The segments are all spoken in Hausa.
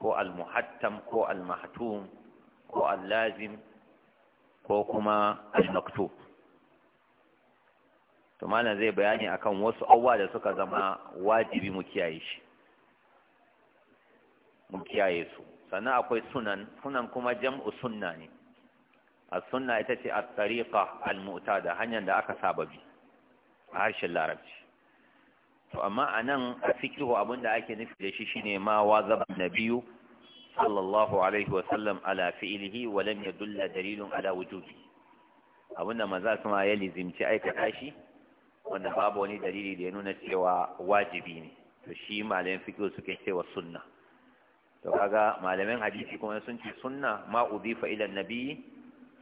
ko al-muhattam ko al-mahtum ko al-lazim ko kuma al-maktub to malam zai bayani akan wasu awwa da suka zama wajibi mu kiyaye shi mu kiyaye su sannan akwai sunan sunan kuma jam'u sunna ne as-sunna ita ce at-tariqa al-mu'tada hanyar da aka saba bi a harshen larabci to amma a nan a fikihu abinda ake nufi da shi shine ma wa zaba na biyu sallallahu alaihi wasallam ala fi'ilihi wa lam yadulla dalilun ala wujubi abinda maza ma ya lizimci aikata shi wanda babu wani dalili da ya nuna cewa wajibi ne to shi malamin fikihu suke cewa sunna to kaga malamin hadisi kuma sun ce sunna ma udifa ila nabiyyi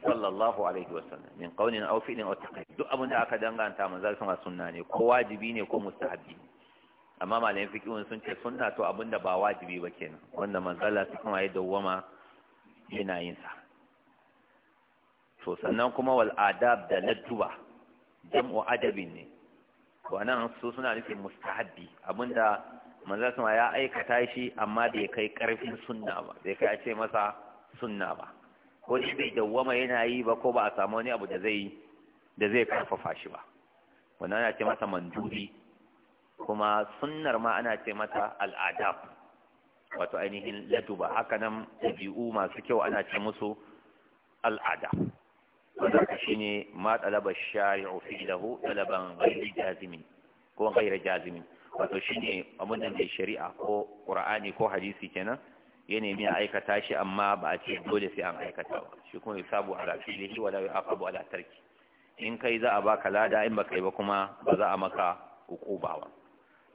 sallallahu alaihi sallam. min qawlin aw fi'lin aw taqrir duk abin da aka danganta manzon sama sunna ne ko wajibi ne ko mustahabi amma malayen fiqhun sun ce sunna to abinda ba wajibi ba kenan wanda manzon Allah kuma ya dawwama yana yin sa to sannan kuma wal adab da ladduba jam'u adabin ne ana su suna nufin mustahabi abinda manzon sama ya aikata shi amma bai kai karfin sunna ba bai kai ce masa sunna ba ko shi bai dawwama yana yi ba ko ba a samu wani abu da zai da zai karfafa shi ba wannan ana ce masa mandubi kuma sunnar ma ana ce mata al'adab wato ainihin laduba haka nan ɗabi'u masu kyau ana ce musu al'ada wanda ka shi ne ma shari'u fi lahu ɗalaban ghairi jazimi ko ghairi jazimi wato shi ne abin da shari'a ko ƙura'ani ko hadisi kenan ya nemi a aikata shi amma ba a ce dole sai an aikata ba shi kuma yusabu da shi wala yu'aqabu ala tarki in kai za a baka lada in baka yi ba kuma ba za a maka hukuba ba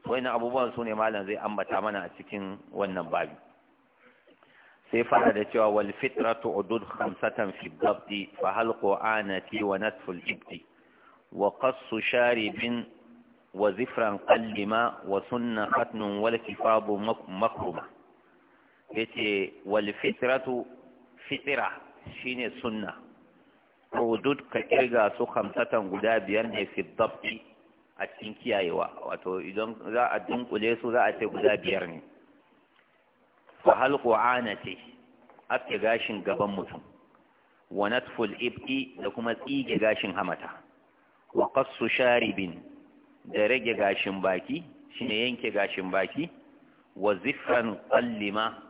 wannan abubuwan su ne malam zai ambata mana a cikin wannan babi sai fara da cewa wal fitratu udud khamsatan fi dabti fa hal qanati wa natful al wa qassu sharibin wa zifran qallima wa sunna khatnun wal kifadu makruma yace wal fitratu fitira shine sunna hudud ka kirga su hamsatan guda biyar ne fi dabbi a cikin kiyayewa wato idan za a dunkule su za a ce guda biyar ne fa hal ce ake gashin gaban mutum wa natful ibki da kuma tsige gashin hamata wa qassu sharibin da rage gashin baki shine yanke gashin baki wa ziffan qallima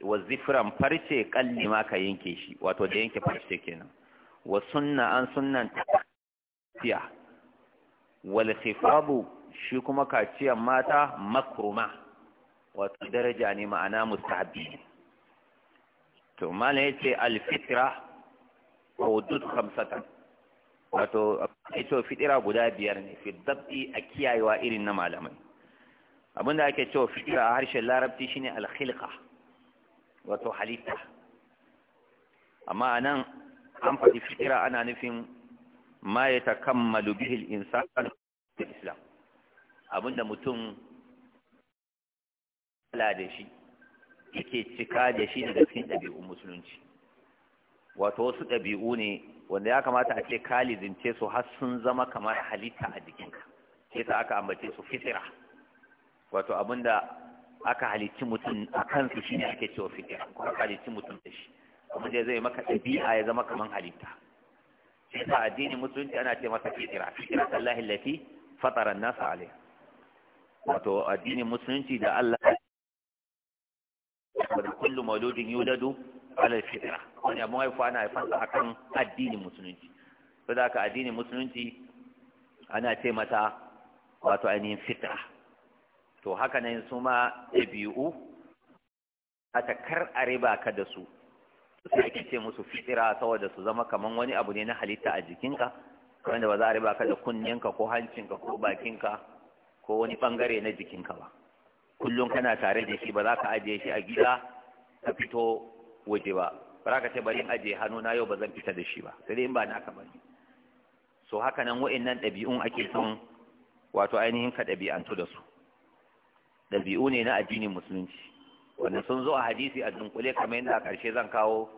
wa zifran farce kalli ma ka yanke shi wato da yanke farce kenan wa sunna an sunnan tafiya wal khifabu shi kuma kaciyar mata makruma wato daraja ne ma'ana mustahabi to mala yace al fitra hudud khamsatan wato ito fitira guda biyar ne fi dabbi a kiyayewa irin na malamai abinda ake cewa fitira a harshen larabci shine al khilqa wato halitta amma a nan an faɗi fikira ana nufin ma ya ta kammalu bihil insan islam abinda mutum ala da shi yake cika da shi daga cikin ɗabi'un musulunci wato wasu ɗabi'u ne wanda ya kamata a ce kalizince su har sun zama kamar halitta a jikinka sai ta aka ambace su fitira wato abinda aka halicci mutum a kansu shi ne ake cewa fitira ko aka halicci mutum da shi kuma zai zai maka ɗabi'a ya zama kamar halitta shi sa addinin musulunci ana ce masa fitira fitira sallahi lafi fatara nasa alai wato addinin musulunci da Allah da kullu mauludin yuladu ala fitira wani abun haifuwa ana a akan addinin musulunci saboda haka addinin musulunci ana ce mata wato ainihin fitira to haka nan su ma ɗabi'u a kar a riba ka da su sai ake ce musu fitira saboda su zama kaman wani abu ne na halitta a jikinka wanda ba za a riba ka da kunyanka ko hancinka ko bakinka ko wani bangare na jikinka ba kullum kana tare da shi ba za ka ajiye shi a gida ka fito waje ba ba za ka ce bari ajiye hannu na yau ba zan fita da shi ba sai dai in ba ka bari. so haka nan wa'annan ɗabi'un ake son wato ainihin ka ɗabi'antu da su ɗabi'u ne na addinin musulunci wanda sun zo a hadisi a dunkule kamar yadda a ƙarshe zan kawo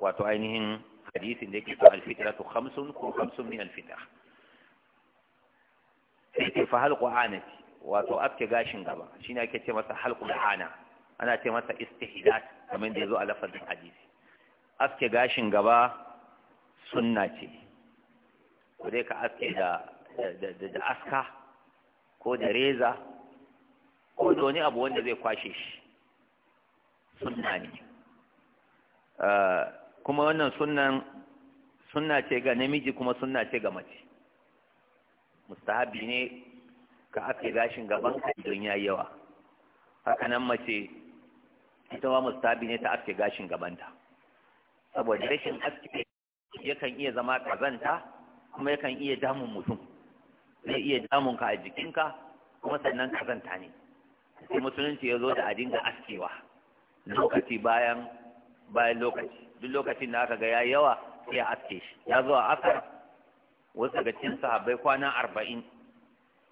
wato ainihin hadisin da yake son alfitra to hamsin ko hamsin min alfitra sai ke fa halku anati wato afke gashin gaba shi ne ake ce masa halku ana ana ce masa istihdat kamar yadda ya zo a lafazin hadisi afke gashin gaba sunna ce ko dai ka aske da aska ko da reza ko da wani abu wanda zai kwashe shi sunna ne ah, kuma wannan sunnan sunna ce ga namiji kuma sunna ce ga mace mustahabi ne ka aka gashin gaban ka idan yi yawa haka nan mace ita ma mustahabi ne ta aske gashin gabanta saboda rashin aske yakan iya zama kazanta kuma yakan iya damun mutum zai iya damun ka a jikinka kuma sannan kazanta ne sai musulunci ya zo da a dinga askewa lokaci bayan bayan lokaci duk lokacin da aka ga ya yawa sai a aske shi ya zo a asar wasu daga cikin sahabbai kwana arba'in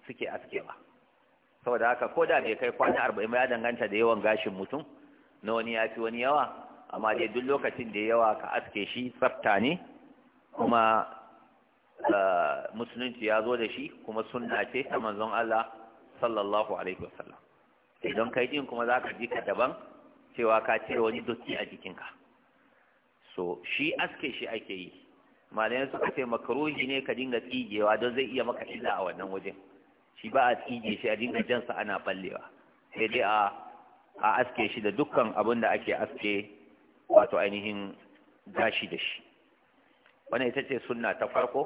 suke askewa saboda haka ko da bai kai kwana arba'in ya danganta da yawan gashin mutum na wani ya fi wani yawa amma dai duk lokacin da yawa ka aske shi tsafta ne kuma eh, musulunci ya zo da shi kuma sunna ce ta manzon Allah sallallahu alaihi wasallam idan kai din kuma zaka ka ji ka daban cewa ka cire wani dotti a jikinka so shi aske shi ake yi malayan suka ce makaruhi ne ka dinga tsigewa don zai iya maka illa a wannan wajen shi ba a tsige shi a dinga jansa ana ballewa sai dai a a aske shi da dukkan abin da ake aske wato ainihin gashi da shi wannan ita ce sunna ta farko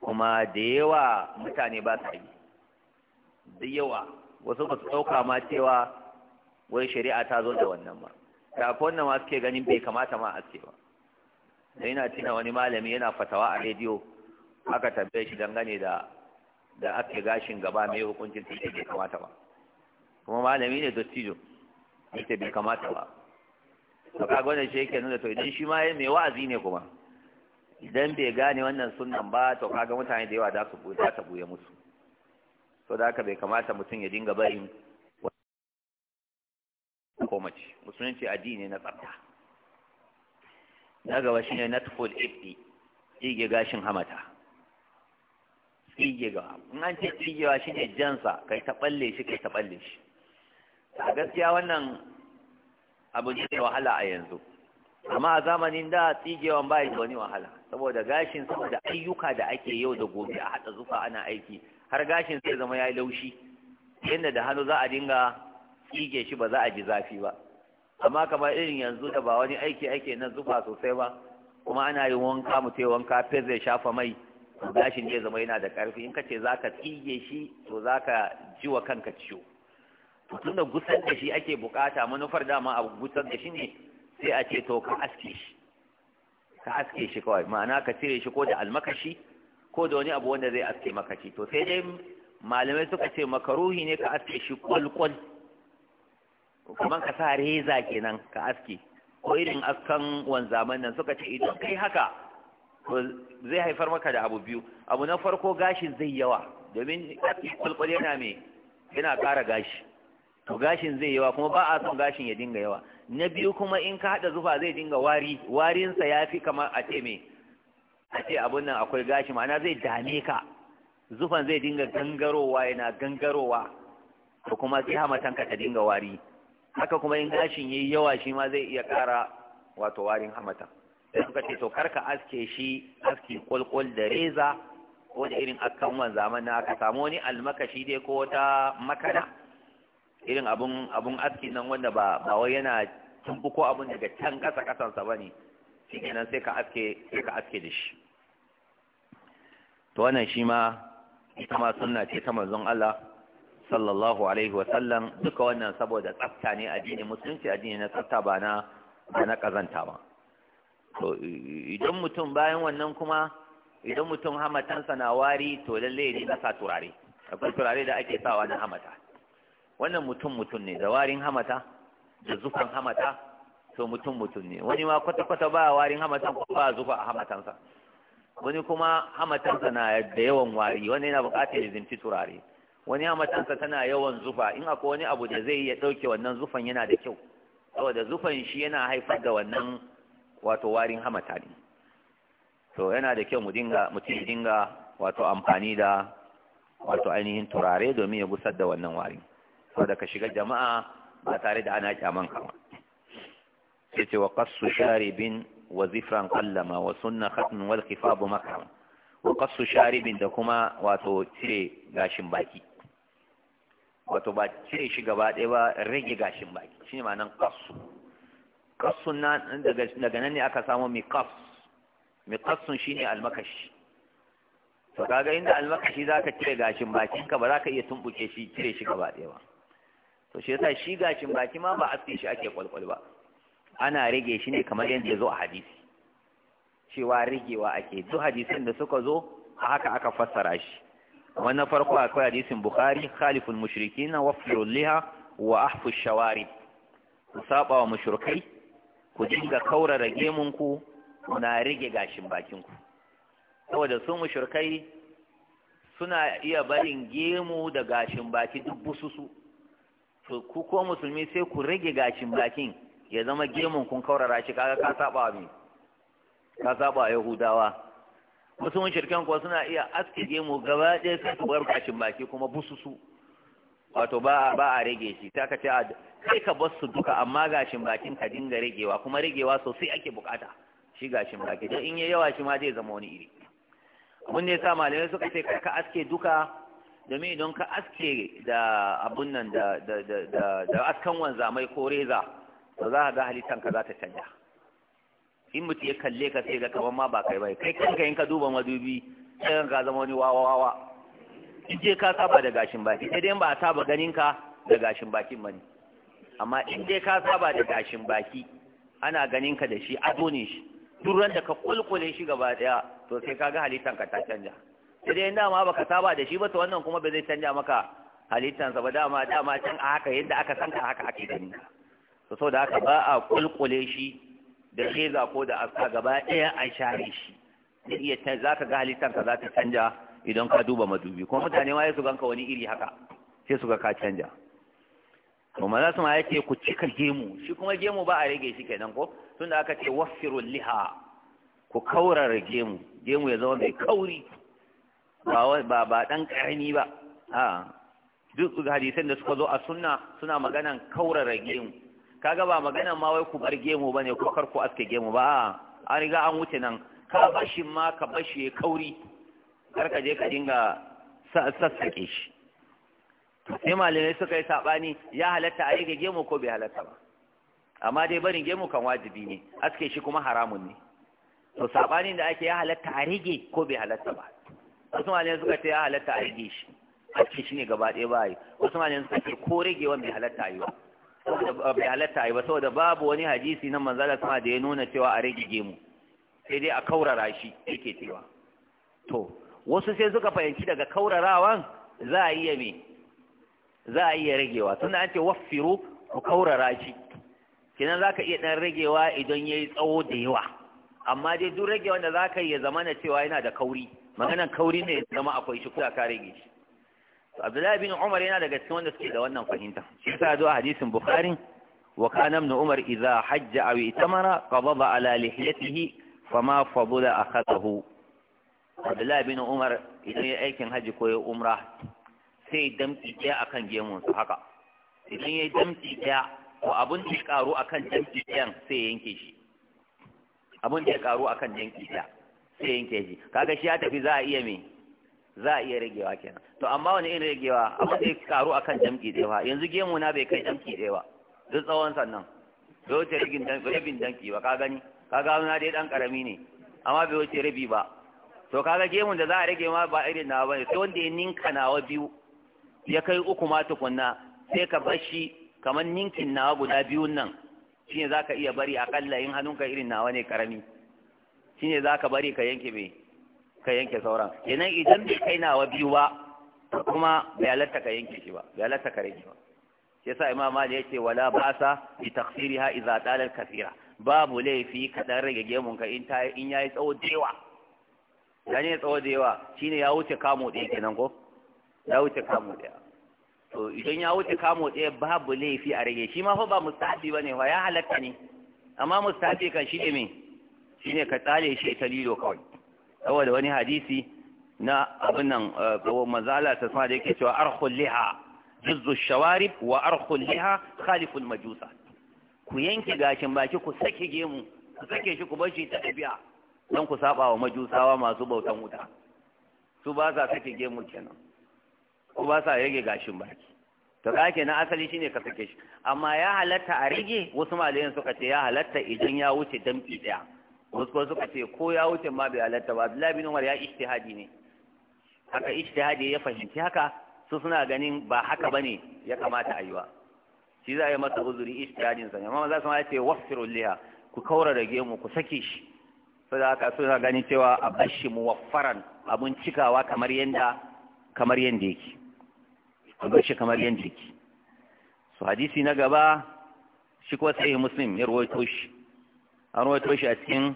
kuma da yawa mutane ba sa yi da yawa wasu ba su ɗauka ma cewa wai shari'a ta zo da wannan ma da wannan ma suke ganin bai kamata ma a ce ba da yana tuna wani malami yana fatawa a rediyo aka tambaye shi dangane da da ake gashin gaba mai hukuncin tuke bai kamata ba kuma malami ne dottijo yake bai kamata ba to kaga gwada shi yake nuna to idan shi ma mai wa'azi ne kuma idan bai gane wannan sunan ba to kaga mutane da yawa za su za ta musu so da haka bai kamata mutum ya dinga barin ko mace musulunci addini na tsafta na gaba shine natful ifi tsige gashin hamata tsige ga in an ce tsigewa shine jansa kai ta balle shi kai ta balle shi a gaskiya wannan abu ne da wahala a yanzu amma a zamanin da tsigewan bai da wani wahala saboda gashin saboda ayyuka da ake yau da gobe a hada zufa ana aiki har gashin sai zama ya yi laushi inda da hannu za a dinga tsige shi ba za a ji zafi ba amma kamar irin yanzu da ba wani aiki ake na zufa sosai ba kuma ana yin wanka mu yi wanka fe zai shafa mai gashin zai zama yana da ƙarfi in kace zaka za tsige shi to za ji wa kanka ciwo to tunda gusar da shi ake bukata manufar dama a gusar da shi ne sai a ce to ka aske shi ka aske shi kawai ma'ana ka cire shi ko da almakashi ko da wani abu wanda zai aske maka shi to sai dai malamai suka ce makaruhi ne ka aske shi kwalkwal kamar ka sa reza kenan ka aske ko irin askan wanzaman nan suka ce idan kai haka to zai haifar maka da abu biyu abu na farko gashin zai yawa domin kwalkwal yana mai yana ƙara gashi to gashin zai yawa kuma ba a son gashin ya dinga yawa na biyu kuma in ka haɗa zufa zai dinga wari warinsa ya fi kamar a ce mai a ce abun nan akwai gashi ma'ana zai dame ka zufan zai dinga gangarowa yana gangarowa ko kuma sai hamatanka ta dinga wari haka kuma in gashin yayi yawa shi ma zai iya ƙara wato warin hamatan sai suka ce to karka aske shi aski kulkul da reza ko da irin akan wan na aka samu wani almakashi dai ko wata makana irin abun abun aski nan wanda ba ba wai yana ko abun daga can ƙasa ƙasansa bane shi kenan sai ka aske sai ka aske da shi to wannan shi ma ita ma sunna ce ta manzon Allah sallallahu alaihi wasallam duka wannan saboda tsafta ne addini musulunci addini na tsafta ba na ba na kazanta ba to idan mutum bayan wannan kuma idan mutum sa na wari to lalle ne na sa turare akwai turare da ake sawa na hamata wannan mutum mutum ne da warin hamata da zufan hamata to mutum mutum ne wani ma kwata-kwata ba warin hamatan ko ba zufa a sa wani kuma hamatansa na da yawan wari wani yana bukatar ya zinci turare wani hamatansa tana yawan zufa in akwai wani abu da zai iya ɗauke wannan zufan yana da kyau saboda zufan shi yana haifar da wannan wato warin hamata ne to yana da kyau mu dinga mutum dinga wato amfani da wato ainihin turare domin ya gusar da wannan wari, saboda ka shiga jama'a ba tare da ana kyaman kama sai ce wa qassu sharibin وزفرا قلما وسن ختم والخفاض مكرم وقص شارب da kuma wato cire gashin baki wato ba cire shi gaba ba rage gashin baki shine قص qassu qassu daga nan ne aka samu miqas miqassun shine almakashi to kaga inda almakashi zaka cire gashin baki, ka ba zaka iya tumbuke shi cire shi gaba ba to shi yasa shi gashin baki ma ba tsi shi ake kwalkwal ba ana rage shi ne kamar yadda zo a hadisi cewa rigewa ake duk hadisin da suka zo a haka aka fassara shi wannan farko akwai hadisin bukhari khaliful mushrikin wa furul liha wa ahfu shawari ku saba wa mushrikai ku dinga kaurara gemun ku na rige gashin bakin saboda su mushrikai suna iya barin gemu da gashin baki duk bususu to ku ko musulmi sai ku rage gashin bakin ya zama gemun kun kaurara shi kaga ka saba mi ka saba yahudawa wasu shirken kuwa suna iya aske gemu gaba ɗaya sai su bar gashin baki kuma bususu wato ba ba a rage shi ta ka ce kai ka bar su duka amma gashin bakin ka dinga ragewa kuma ragewa sosai ake bukata shi gashin baki dan in yi yawa shi ma zai zama wani iri Mun ne sa malamai suka ce ka aske duka me don ka aske da abun nan da da da da askan wanzamai ko reza to za a ga halittanka za ta canja in mutu ya kalle ka sai ga kamar ma ba kai bai kai kanka in ka duba madubi sai ka zama wani wawa wawa in je ka saba da gashin baki sai dai ba a saba ganin ka da gashin bakin bane amma in je ka saba da gashin baki ana ganin ka da shi a ne shi duk da ka kulkule shi gaba daya to sai ka ga halittan ka ta canja sai dai dama baka saba da shi ba to wannan kuma ba zai canja maka halittansa ba dama dama can a haka yadda aka san ka haka ake ganin ka to da haka ba a kulkule shi da sheza ko da aska gaba ɗaya a share shi za ka ga halittanka za ta canja idan ka duba madubi kuma mutane ma su ganka wani iri haka sai su ga ka canja to maza su ma ya ce ku cika gemu shi kuma gemu ba a rage shi kenan ko tun da aka ce wafiru liha ku kaurara gemu gemu ya zama mai kauri ba ba ba dan karami ba a duk hadisan da suka zo a sunna suna maganan kaurara gemu kaga ba magana ma wai ku bar gemu bane ko kar ku aske gemu ba an riga an wuce nan ka bashi ma ka bashi ya kauri kar ka je ka dinga sassake shi sai malamai suka yi sabani ya halatta a rike gemu ko bai halatta ba amma dai barin gemu kan wajibi ne aske shi kuma haramun ne to sabani da ake ya halatta a rige ko bai halatta ba wasu malamai suka ce ya halatta a rige shi aske shi ne gaba ɗaya ba yi wasu malamai suka ce ko rage wanda bai halatta a yi ba bai halatta ba saboda babu wani hadisi na manzala sama da ya nuna cewa a rigige mu, sai dai a kaurara shi yake cewa to wasu sai suka fahimci daga kaurarawan za a iya me za a iya ragewa Suna an ce waffiru ku kaurara shi kenan zaka iya dan ragewa idan yayi tsawo da yawa amma dai duk ragewa da zaka yi ya zama na cewa yana da kauri maganan kauri ne ya zama akwai shi kuda ka rage shi Abdullahi bin Umar yana daga cikin wanda suke da wannan fahimta shi yasa zuwa hadisin Bukhari wa kana ibn Umar idza hajja aw itamara qadada ala lihiyatihi fama fadula akhadahu Abdullahi bin Umar idan ya aikin haji ko ya umra sai damki daya akan gemun su haka idan ya damki daya to abun da ya karu akan damki dayan sai yanke shi abun da ya karu akan damki daya sai yanke shi kaga shi ya tafi za a iya me za a iya ragewa kenan to amma wani irin ragewa abu zai karu akan jamki ɗaya ba yanzu gemu na bai kai jamki ɗaya ba duk tsawon sannan bai wuce rabin jamki ba ka gani ka gano na dai ɗan ƙarami ne amma bai wuce rabi ba to kaga gemun da za a rage ma ba irin nawa ne sai wanda ya ninka nawa biyu ya kai uku ma tukunna sai ka bar shi kamar ninkin nawa guda biyun nan shine zaka iya bari aƙalla in hannunka irin nawa ne karami shine zaka bari ka yanke bai ka yanke sauran idan idan bai kai wa biyu ba kuma bai halatta ka yanke shi ba bai halatta ka rage ba shi yasa imam mali yace wala ba'sa bi taqsiriha idza talat kathira babu laifi ka dan rage gemun ka in ta in yayi tsawo da yawa yayi tsawo da yawa shine ya wuce kamo ɗaya kenan ko ya wuce kamo ɗaya to idan ya wuce kamo ɗaya babu laifi a rage shi ma fa ba mustahabi bane fa ya halatta ne amma mustahabi kan shi ne me shine ka tsale shi ta lilo kawai saboda wani hadisi na abin nan mazala ta sama da yake cewa arkhul liha juzzu shawarib wa arkhul liha khaliful majusa ku yanke gashin baki ku sake gemu ku sake shi ku bar shi ta tafiya don ku saba wa majusawa masu bautan wuta su ba sa sake gemu kenan ku ba sa rage gashin baki to kake na asali shine ka sake shi amma ya halatta a rage wasu malayan suka ce ya halatta idan ya wuce damfi daya wasu kuma suka ce ko ya wuce ma bai halatta ba Abdullahi bin Umar ya ijtihadi ne haka ijtihadi ya fahimci haka su suna ganin ba haka bane ya kamata a yi ba shi za a yi masa uzuri ijtihadin sa amma za su ma ce liha ku kaura da gemu ku sake shi saboda haka suna ganin cewa a bashi mu waffaran abun cikawa kamar yanda kamar yanda yake a bashi kamar yanda yake so hadisi na gaba shi kuwa sai muslim ya rawaito shi an rawaito shi a cikin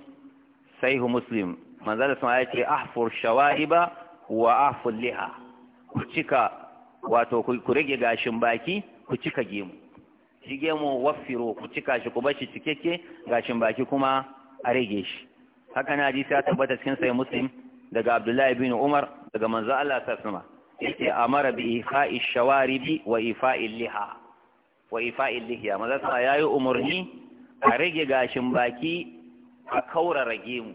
sahihu muslim manzala sun ya ce ahfur shawa'iba wa ahfur liha ku cika wato ku rage gashin baki ku cika gemu shi gemu waffiro ku cika shi ku bashi cikakke gashin baki kuma a rage shi haka na hadisi ya tabbata cikin sahih muslim daga abdullahi bin umar daga manzo Allah sassama yake amara bi ifa'i shawaribi wa ifa'i liha wa ifa'i lihiya manzo sa yayi umurni a rage gashin baki a kaurara gemu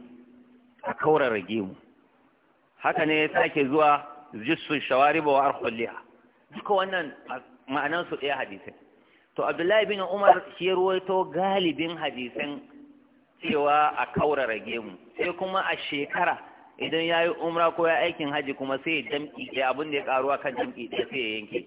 a rage mu haka ne ya sake zuwa shawari ba wa arkulliha duka wannan ma'anar su ɗaya hadisai to abdullahi bin umar shi ya ruwaito galibin hadisan cewa a kaurara gemu sai kuma a shekara idan ya yi umra ko ya aikin haji kuma sai jam'i ɗaya abin da ya karuwa kan jam'i ɗaya sai ya yanke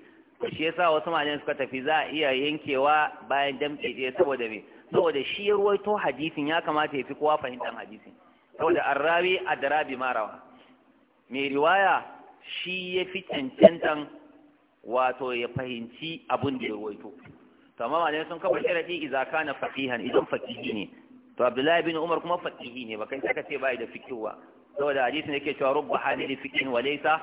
shi sa wasu malamai suka tafi za a iya yankewa bayan jam'i ɗaya saboda me saboda shi ya ruwaito hadisin ya kamata ya fi kowa fahimtar hadisin saboda arrawi adra bi marawa mai riwaya shi ya fi cancantan wato ya fahimci abin da ya ruwaito to amma malamai sun kafa sharadi idan kana faqihan idan faqihi ne to abdullahi bin umar kuma faqihi ne bakan saka ce bai da fikiwa saboda hadisin yake cewa rubba halil fiqhin wa laysa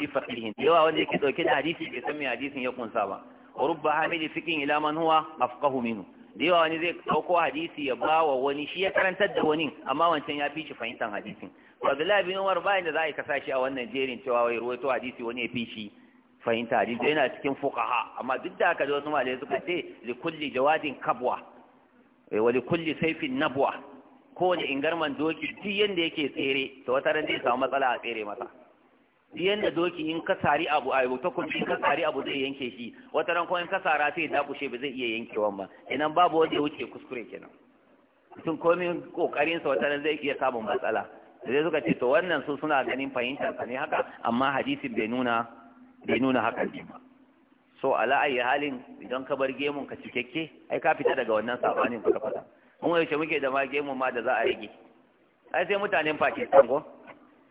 bi faqihin yawa wanda yake dauke da hadisi ke san me hadisin ya kunsa ba rubba halil fiqhin ila man huwa afqahu minhu da yawa wani zai ɗauko hadisi ya ba wa wani shi ya karantar da wani amma wancan ya fi shi fahimtar hadisin abdullahi bin umar bayan da za a yi kasa shi a wannan jerin cewa wai ruwaito hadisi wani ya fi shi fahimta hadisi yana cikin fukaha, amma duk da haka da wasu malai suka ce li kulli jawadin kabwa eh, wa li kulli saifin nabwa kowane ingarman doki duk yanda yake tsere to wata ran zai samu matsala a tsere masa yanda doki in ka sari abu a yau takun in ka sari abu zai yanke shi wata ran kuma in ka sara sai da kushe ba zai iya yankewan ba idan babu wanda ya wuce kuskure kenan mutum komin kokarin sa wata ran zai iya samun matsala sai suka ce to wannan su suna ganin fahimtar sa ne haka amma hadisin bai nuna bai nuna haka ne ba so ala ayi halin idan ka bar gemun ka cikakke ai ka fita daga wannan sabanin ka fada mun ce muke da ma gemun ma da za a rage ai sai mutanen Pakistan go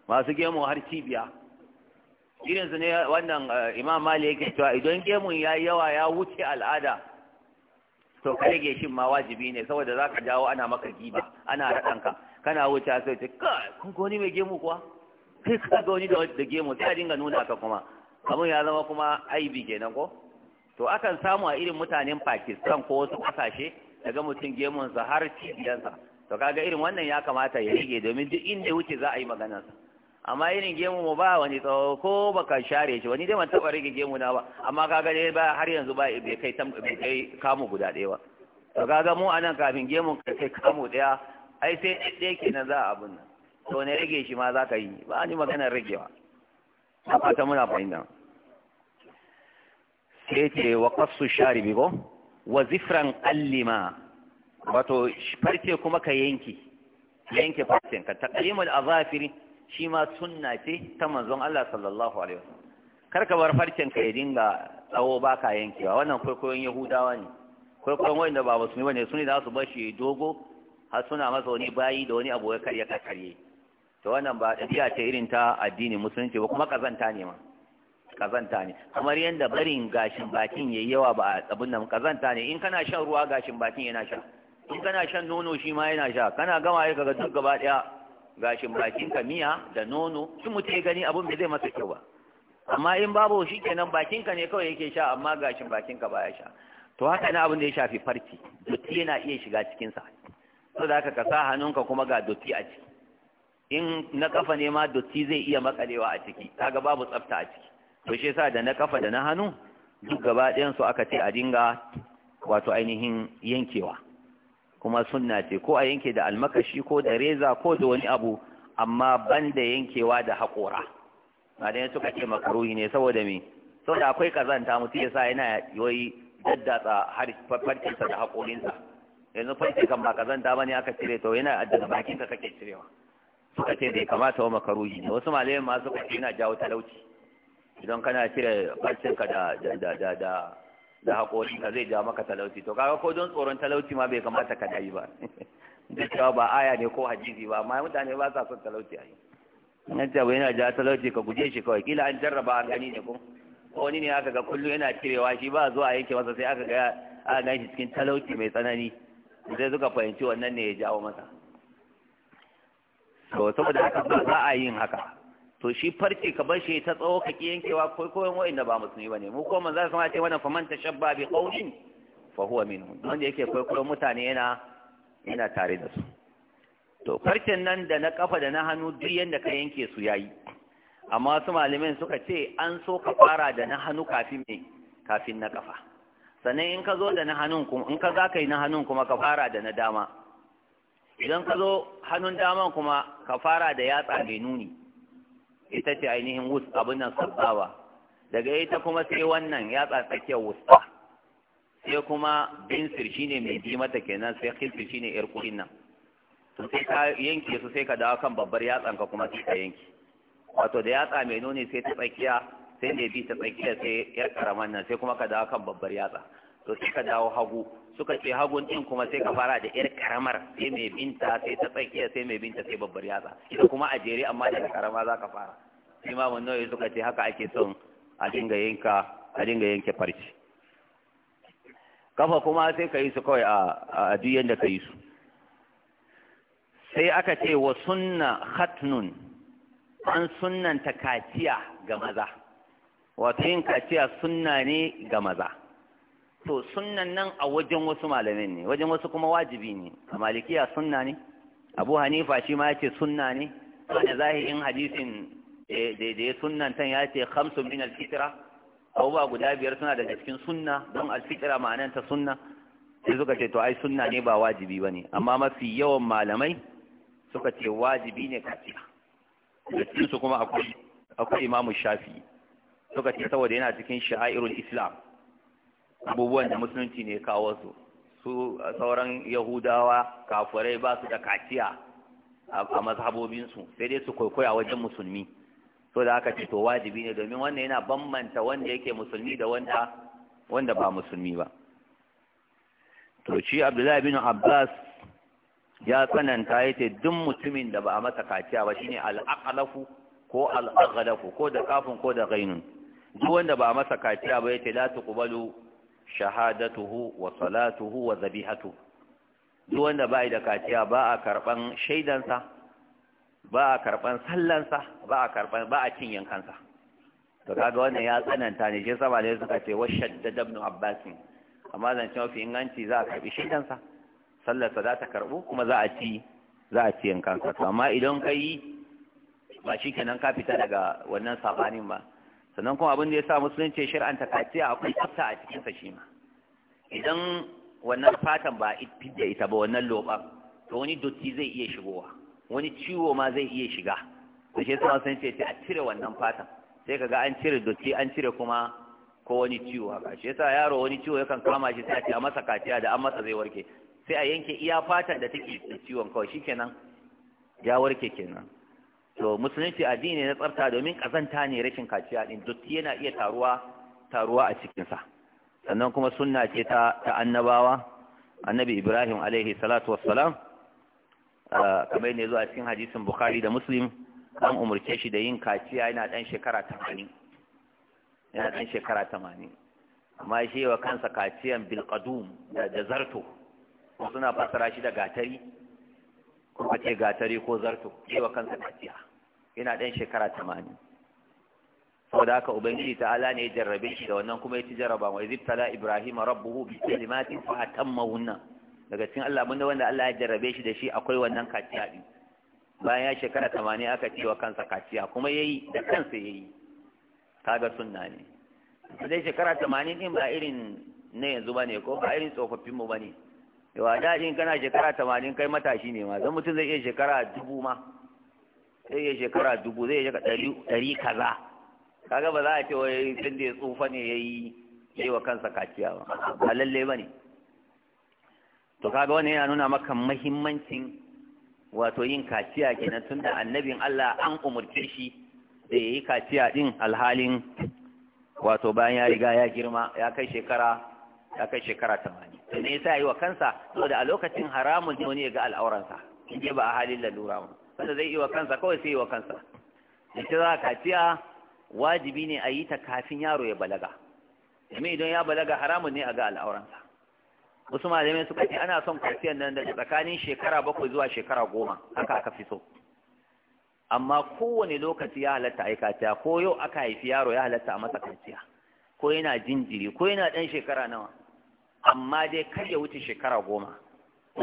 masu gemu har cibiya irin su ne wannan eh, imam mali yake cewa idan gemun ya yawa ya wuce al'ada to ka rage shin ma wajibi ne saboda zaka jawo ana maka giba ana ka kana wuce sai ce ka kun goni mai gemu kuwa kai ka goni wani da gemu sai a dinga nuna ka kuma abun ya zama kuma aibi kenan ko to akan samu a irin mutanen Pakistan ko wasu kasashe daga mutum gemunsa sa har cibiyansa to kaga irin wannan ya kamata ya rige domin duk inda wuce za a yi maganarsa amma irin gemu mu ba wani tsawo ko baka share shi wani dai ban taba rage gemu na ba amma kaga dai ba har yanzu ba bai kai tam bai kai kamu guda ɗaya ba to kaga mu anan kafin gemun ka kai kamu ɗaya ai sai ɗaya kenan za a abun nan to ne rage shi ma za ka yi ba ni maganar ragewa ta fata muna fahimta sai ce wa qassu sharibi ko wa zifran allima wato farce kuma ka yanki yanke farcen ka taqlimul azafiri shi ma sunna ce ta manzon Allah sallallahu alaihi wasallam kar ka bar farcen ka ya dinga tsawo ba ka yankewa wannan kwaikwayon yahudawa ne kwaikwayon wanda ba musulmi bane su ne za su bar shi dogo har suna masa wani bayi da wani abu ya karye ka karye to wannan ba ɗabi'a ce irin ta addinin musulunci ba kuma kazanta ne ma kazanta ne kamar yadda barin gashin bakin yayi yawa ba a abin nan kazanta ne in kana shan ruwa gashin bakin yana sha in kana shan nono shi ma yana sha kana gama ya kaga duk gaba daya gashin bakin ka miya da nono shi mutum ya gani abun bai zai masa kyau ba amma in babu shi kenan ka ne kawai yake sha amma gashin bakin bakinka baya sha to haka na abin da ya shafi farki dotti yana iya shiga cikinsa to da haka ka sa hannunka kuma ga dotti a ciki in na kafa ne ma dotti zai iya makalewa a ciki kaga babu tsafta a ciki to shi yasa da na kafa da na hannu duk gaba ɗayan su aka ce a dinga wato ainihin yankewa kuma sunna ce ko a yanke da almakashi ko da reza ko da wani abu amma banda yankewa da haƙora malamai suka ce makaruhi ne saboda me saboda akwai kazanta mutum ya sa yana yoyi daddatsa har farkinsa da haƙorinsa yanzu farki kan ba kazanta ne aka cire to yana daga ka kake cirewa suka ce bai kamata wa makaruhi ne wasu malamai ma suka ce yana jawo talauci idan kana cire farkinka da da da da da haƙorin ka zai ja maka talauci to kaga ko don tsoron talauci ma bai kamata ka dai ba da cewa ba aya ne ko hadisi ba amma mutane ba sa son talauci a yi yana ja talauci ka guje shi kawai kila an jarraba an gani ne ko wani ne aka ga kullum yana cirewa shi ba zuwa a yanke masa sai aka ga a gan shi cikin talauci mai tsanani sai suka fahimci wannan ne ya jawo masa to saboda haka ba za a yin haka to shi farce ka bar shi ta tsawo ka yankewa ko ko wanda ba musulmi bane mu ko manzo sama ce wannan faman tashabba bi qawlin fa huwa minhu wanda yake kwaikwayon mutane yana yana tare da su to farcen nan da na kafa da na hannu duk yanda ka yanke su yayi amma su malamin suka ce an so ka fara da na hannu kafin me kafin na kafa sannan in ka zo da na hannun kuma in ka za ka yi na hannun kuma ka fara da na dama idan ka zo hannun daman kuma ka fara da yatsa mai nuni ita ce ainihin wus abin nan sarsawa daga ita kuma sai wannan ya tsakiyar wusta sai kuma binsir shine mai bi mata kenan sai khilfir shine yar kudin nan to sai ka yanke su sai ka dawo kan babbar yatsan ka kuma sai ka yanke wato da yatsa mai nuni sai ta tsakiya sai mai bi ta tsakiya sai yar karaman nan sai kuma ka dawo kan babbar yatsa to sai ka dawo hagu suka ce hagun din kuma sai ka fara da yar karamar sai mai binta sai ta tsakiya sai mai binta sai babbar yatsa ita kuma a jere amma da karama za ka fara imamun nawawi suka ce haka ake son a dinga yanka a dinga yanke farci kafa kuma sai ka yi su kawai a duk yanda ka yi su sai aka ce wa sunna khatnun an sunnanta kaciya ga maza wato yin kaciya sunna ne ga maza to sunnan nan a wajen wasu malamai ne wajen wasu kuma wajibi ne a malikiya sunna ne abu hanifa shi ma yace sunna ne wanda zahirin hadisin da ya sunnan tan yace khamsun min alfitra abubuwa guda biyar suna daga cikin sunna don alfitra ma'anan ta sunna sai suka ce to ai sunna ne ba wajibi bane amma mafi yawan malamai suka ce wajibi ne kafiya da cikin kuma akwai akwai imamu shafi suka ce saboda yana cikin sha'airul islam abubuwan da musulunci ne kawo su su sauran yahudawa kafurai ba su da kaciya a mazhabobinsu sai dai su kwaikwaya wajen musulmi so da aka ce to wajibi ne domin wannan yana bambanta wanda yake musulmi da wanda wanda ba musulmi ba to shi abdullahi bin abbas ya tsananta ya ce duk mutumin da ba a masa kaciya ba shine al'aqalafu ko al'aghlafu ko da kafin ko da ghainun duk wanda ba a masa kaciya ba yace la tuqbalu shahadatuhu wa salatuhu wa zabihatuhu duk wanda bai da kaciya ba a karban shaidansa ba a karban sallansa ba a karban ba a cin yankansa to kaga wannan ya tsananta ne shi saba ne suka ce wa shaddad ibn abbas amma zan ce mafi inganci za a karbi shaidansa sallarsa za ta karbu kuma za a ci za a ci yankansa to amma idan kai ba shikenan ka fita daga wannan sabanin ba sannan kuma abin da ya sa musulunci shir'anta kaciya akwai tsafta a cikinsa shi ma idan wannan fatan ba fidda ita ba wannan loɓar to wani dotti zai iya shigowa wani ciwo ma zai iya shiga da shi sama sun ce a cire wannan fatan sai kaga an cire dotti an cire kuma ko wani ciwo haka shi yasa yaro wani ciwo yakan kama shi sai a ce a masa kaciya da an masa zai warke sai a yanke iya fatan da take da ciwon kawai kenan ya warke kenan to musulunci addini na tsarta domin kazanta ne rashin kaciya din dutti yana iya taruwa taruwa a cikin sa sannan kuma sunna ce ta ta annabawa annabi Ibrahim alaihi salatu wassalam kamar ne zuwa cikin hadisin Bukhari da Muslim an umurce shi da yin kaciya yana dan shekara 80 yana dan shekara 80 amma shi wa kansa kaciyan bilqadum da zarto suna fasara shi da gatari Kuma ce gatari ko zarto cewa kansa kaciya yana ɗan shekara tamanin saboda haka ubangiji ala ne ya jarrabe shi da wannan kuma ya ci jarraba wa izib tala ibrahim rabbuhu bi kalimatin fa atammahunna daga cikin Allah mun wanda Allah ya jarrabe shi da shi akwai wannan kaciya din bayan ya shekara tamanin aka ce wa kansa kaciya kuma yayi da kansa yayi kaga sunna ne sai shekara tamanin din ba irin na yanzu bane ko ba irin tsofaffin mu bane yawa daɗin in kana shekara tamanin kai matashi ne ma zan mutum zai iya shekara dubu ma zai iya shekara dubu zai iya ɗari kaza kaga ba za a ce wai tun da ya tsufa ne ya yi yi wa kansa kaciya ba ba lalle ba ne to kaga wani yana nuna maka mahimmancin wato yin kaciya kenan tun da annabin Allah an umurce shi da ya yi kaciya din alhalin wato bayan ya riga ya girma ya kai shekara ya kai shekara tamanin da ne yasa yi wa kansa da a lokacin haramun ne wani ya ga al'auransa in ba a halin lalura ba wanda zai yi wa kansa kawai sai yi wa kansa da ce za kaciya wajibi ne a yi ta kafin yaro ya balaga domin idan ya balaga haramun ne a ga al'auransa wasu malamai suka ce ana son kaciyan nan da tsakanin shekara bakwai zuwa shekara goma haka aka fi so amma kowane lokaci ya halatta a yi kaciya ko yau aka haifi yaro ya halatta a masa kaciya ko yana jinjiri ko yana dan shekara nawa amma dai kar ya wuce shekara goma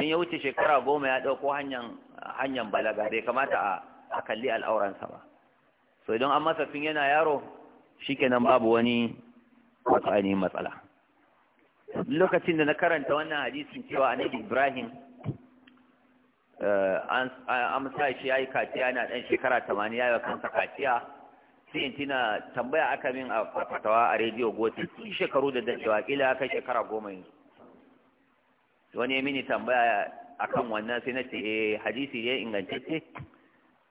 in ya wuce shekara goma ya ɗauko hanyan balaga bai kamata a kalli al'auransa ba so idan an masa tun yana yaro shikenan babu wani wato ainihin matsala lokacin da na karanta wannan hadisin cewa annabi ibrahim eh, an sa shi ya yi kaciya na ɗan shekara tamanin ya yi kansa kaciya sai in tina tambaya aka min a fatawa a rediyo gote tun shekaru da dacewa kila aka shekara goma yanzu wani ya mini tambaya akan wannan sai na ce eh hadisi ya ingantacce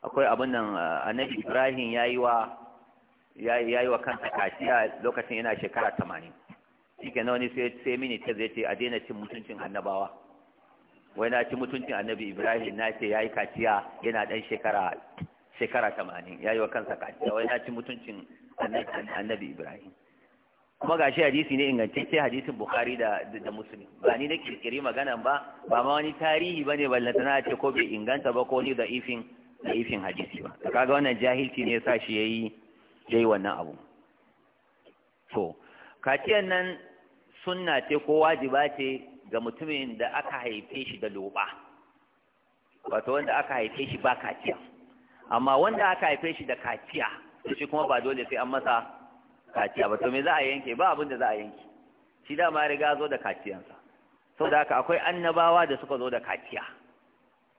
akwai abin nan annabi ibrahim ya yi wa kaciya lokacin yana shekara tamanin shi ke wani sai mini ta zai ce a daina cin mutuncin annabawa wai na ci mutuncin annabi ibrahim na ce ya yi kaciya yana dan shekara shekara tamanin ya yi wa kansa kaciya wani ya mutuncin annabi ibrahim kuma ga shi hadisi ne ingantacce hadisin bukhari da da ba ni na kirkiri magana ba ba ma wani tarihi bane ballanta na ce ko bai inganta ba ko ni da ifin hadisi ba da kaga wannan jahilci ne sa shi yayi yayi wannan abu to kaciyan nan sunna ce ko wajiba ce ga mutumin da aka haife shi da loba wato wanda aka haife shi ba kaciya amma wanda aka haife shi da kaciya to shi kuma ba dole sai an masa kaciya ba to me za a yanke ba abin da za a yanke shi dama ya riga zo da kaciyansa saboda haka akwai annabawa da suka zo da kaciya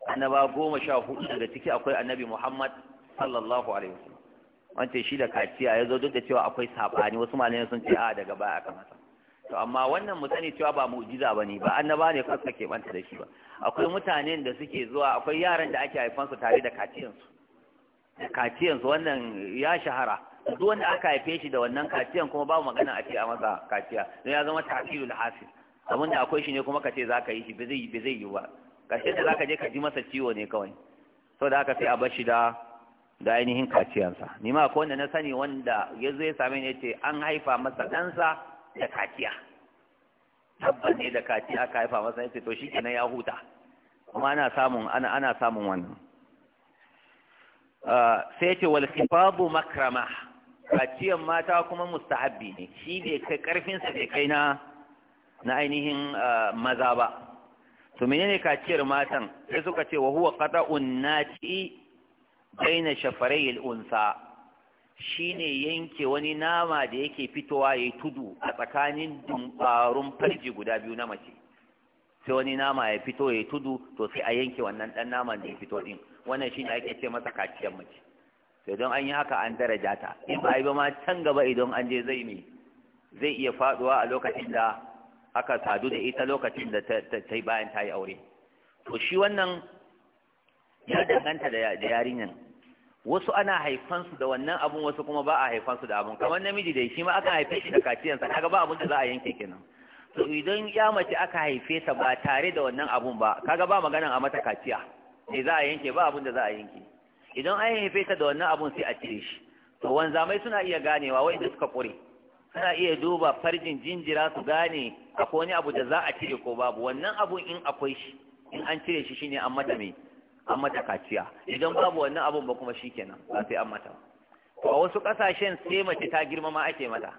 annabawa goma sha hudu daga ciki akwai annabi muhammad sallallahu alaihi wasallam wancan shi da kaciya ya zo duk da cewa akwai sabani wasu malamai sun ce a daga baya aka masa to amma wannan mu sani cewa ba mu'jiza bane ba annaba ne kuma ke banta da shi ba akwai mutanen da suke zuwa akwai yaran da ake haifansu tare da kaciyansu Kaciyan su wannan ya shahara duk wanda aka haife shi da wannan kaciyan kuma babu magana a ce a masa kaciya don ya zama tafilul hasil abin da akwai shi ne kuma ka ce za ka yi shi ba zai yi ba kashe da za ka je ka ji masa ciwo ne kawai sau da aka sai a bar shi da da ainihin kaciyansa ni ma ko wanda na sani wanda ya zo ya same ni ce an haifa masa dansa da kaciya tabbas ne da kaciya aka haifa masa ya to shi kenan ya huta kuma ana samun ana samun wannan sai ce wal khifabu makrama kaciyan mata kuma mustahabbi ne shi bai kai karfin sa kai na na ainihin maza ba to menene kaciyar matan sai suka ce wa huwa qata'un nati baina shafarai al-unsa shine yanke wani nama da yake fitowa yayi tudu a tsakanin dumbarun farji guda biyu na mace sai wani nama ya fito ya tudu to sai a yanke wannan ɗan naman da ya fito din. wannan shine ake ce masa kaciyar mace to don an yi haka an daraja ta in ba ba ma can gaba idan an je zai me zai iya faduwa a lokacin da aka sadu da ita lokacin da ta ta bayan ta yi aure to shi wannan ya danganta da yarinyan wasu ana haifansu da wannan abun wasu kuma ba a haifansu da abun kamar namiji dai shi ma aka haife shi da kaciyarsa, kaga ba abun da za a yanke kenan to idan ya mace aka haife ta ba tare da wannan abun ba kaga ba maganan a mata kaciya sai za a yanke ba abun da za a yanke idan an haife ta da wannan abun sai a cire shi to wanzamai suna iya ganewa wa'inda suka ƙure suna iya duba farjin jinjira su gane akwai wani abu da za a cire ko babu wannan abun in akwai shi in an cire shi shine an mata me an mata kaciya idan babu wannan abun ba kuma shikenan ba sai an mata to a wasu ƙasashen sai mace ta girma ma ake mata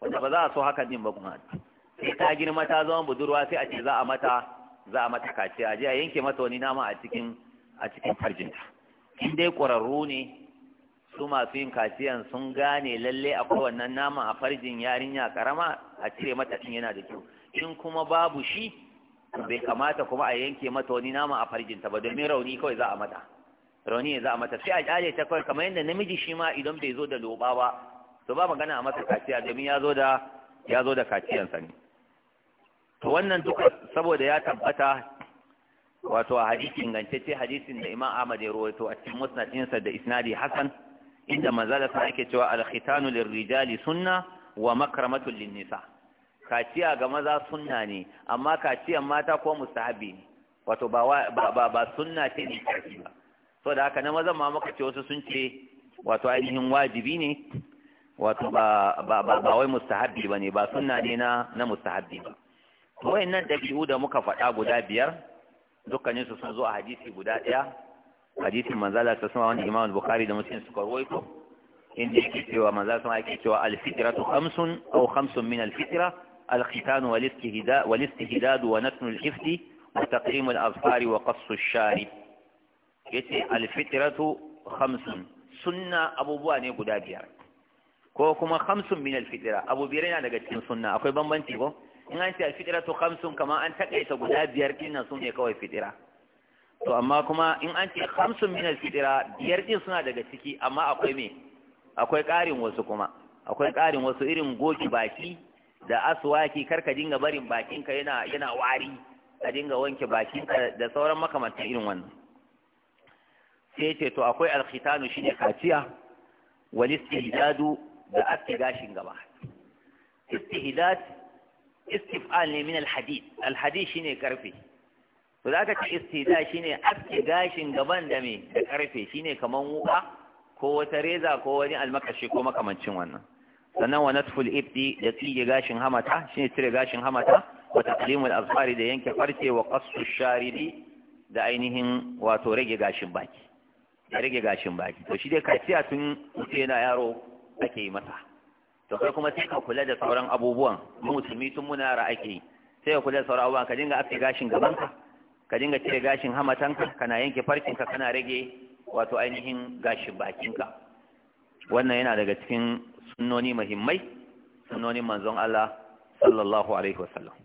wanda ba za a so haka din ba kuma sai ta girma ta zama budurwa sai a ce za a mata za a mata kace a je a yanke mata wani nama a cikin a cikin farjinta in dai ƙwararru ne su masu yin kaciyan sun gane lalle akwai wannan nama a farjin yarinya karama a cire mata shin yana da kyau in kuma babu shi bai kamata kuma a yanke mata wani nama a farjinta ba domin rauni kawai za a mata rauni ne za a mata sai a kyale ta kawai kamar yadda namiji shi ma idan bai zo da loba ba to ba magana a masa kaciya domin ya zo da ya zo da kaciyansa ne to wannan duka saboda ya tabbata wato a hadisi ingantacce hadisin da Imam Ahmad ya rawaito a cikin musnadinsa da isnadi Hassan inda manzala sa yake cewa alkhitanu lirrijali sunna wa makramatu linnisa nisa kaciya ga maza sunna ne amma kaciyan mata ko mustahabi ne wato ba ba ba sunna ce ne kaci ba so da haka na mazan ma muka ce wasu sun ce wato ainihin wajibi ne wato ba ba ba wai mustahabi bane ba sunna ne na na mustahabi ba wayannan ɗabi'u da muka faɗa guda biyar dukkanin su sun zo a hadisi guda ɗaya hadisin manzala ta sama wani imam bukhari da muslim suka rawaito inda yake cewa manzala sama yake cewa alfitratu khamsun aw khamsun min alfitra الختان والاستهداد ونتن الحفظ وتقريم الأظفار وقص الشارب yace alfitratu khamsun sunna abubuwa ne guda biyar ko kuma khamsun min alfitra abu biyar yana daga cikin sunna akwai bambanci ko in an ce alfitira to hamsin kama an takaita guda biyar dinnan su ne kawai fitira to amma kuma in an ce hamsin min alfitira biyar din suna daga ciki amma akwai me akwai ƙarin wasu kuma akwai ƙarin wasu irin goki baki da aswaki kar ka dinga barin bakinka yana yana wari a dinga wanke bakinka da sauran makamantan irin wannan sai ce to akwai alkhitanu shine kaciya wal istihdadu da aski gashin gaba istihdad istif'al ne min alhadid alhadid shine karfe to zaka ce istida shine aske gashin gaban da me da karfe shine kaman wuka ko wata reza ko wani almakashi ko makamancin wannan sannan wa natful ibdi da tsige gashin hamata shine cire gashin hamata wa taqlimul azfari da yanke farce wa qassu sharidi da ainihin wato rage gashin baki da rage gashin baki to shi dai kaciya tun yana yaro ake yi masa to kai kuma sai ka kula da sauran abubuwan mu musulmi tun muna yara ake sai ka kula da sauran abubuwan ka dinga aske gashin gabanka ka dinga cire gashin hamatanka kana yanke farkinka kana rage wato ainihin gashin bakinka wannan yana daga cikin sunnoni muhimmai sunnonin manzon Allah sallallahu alaihi wasallam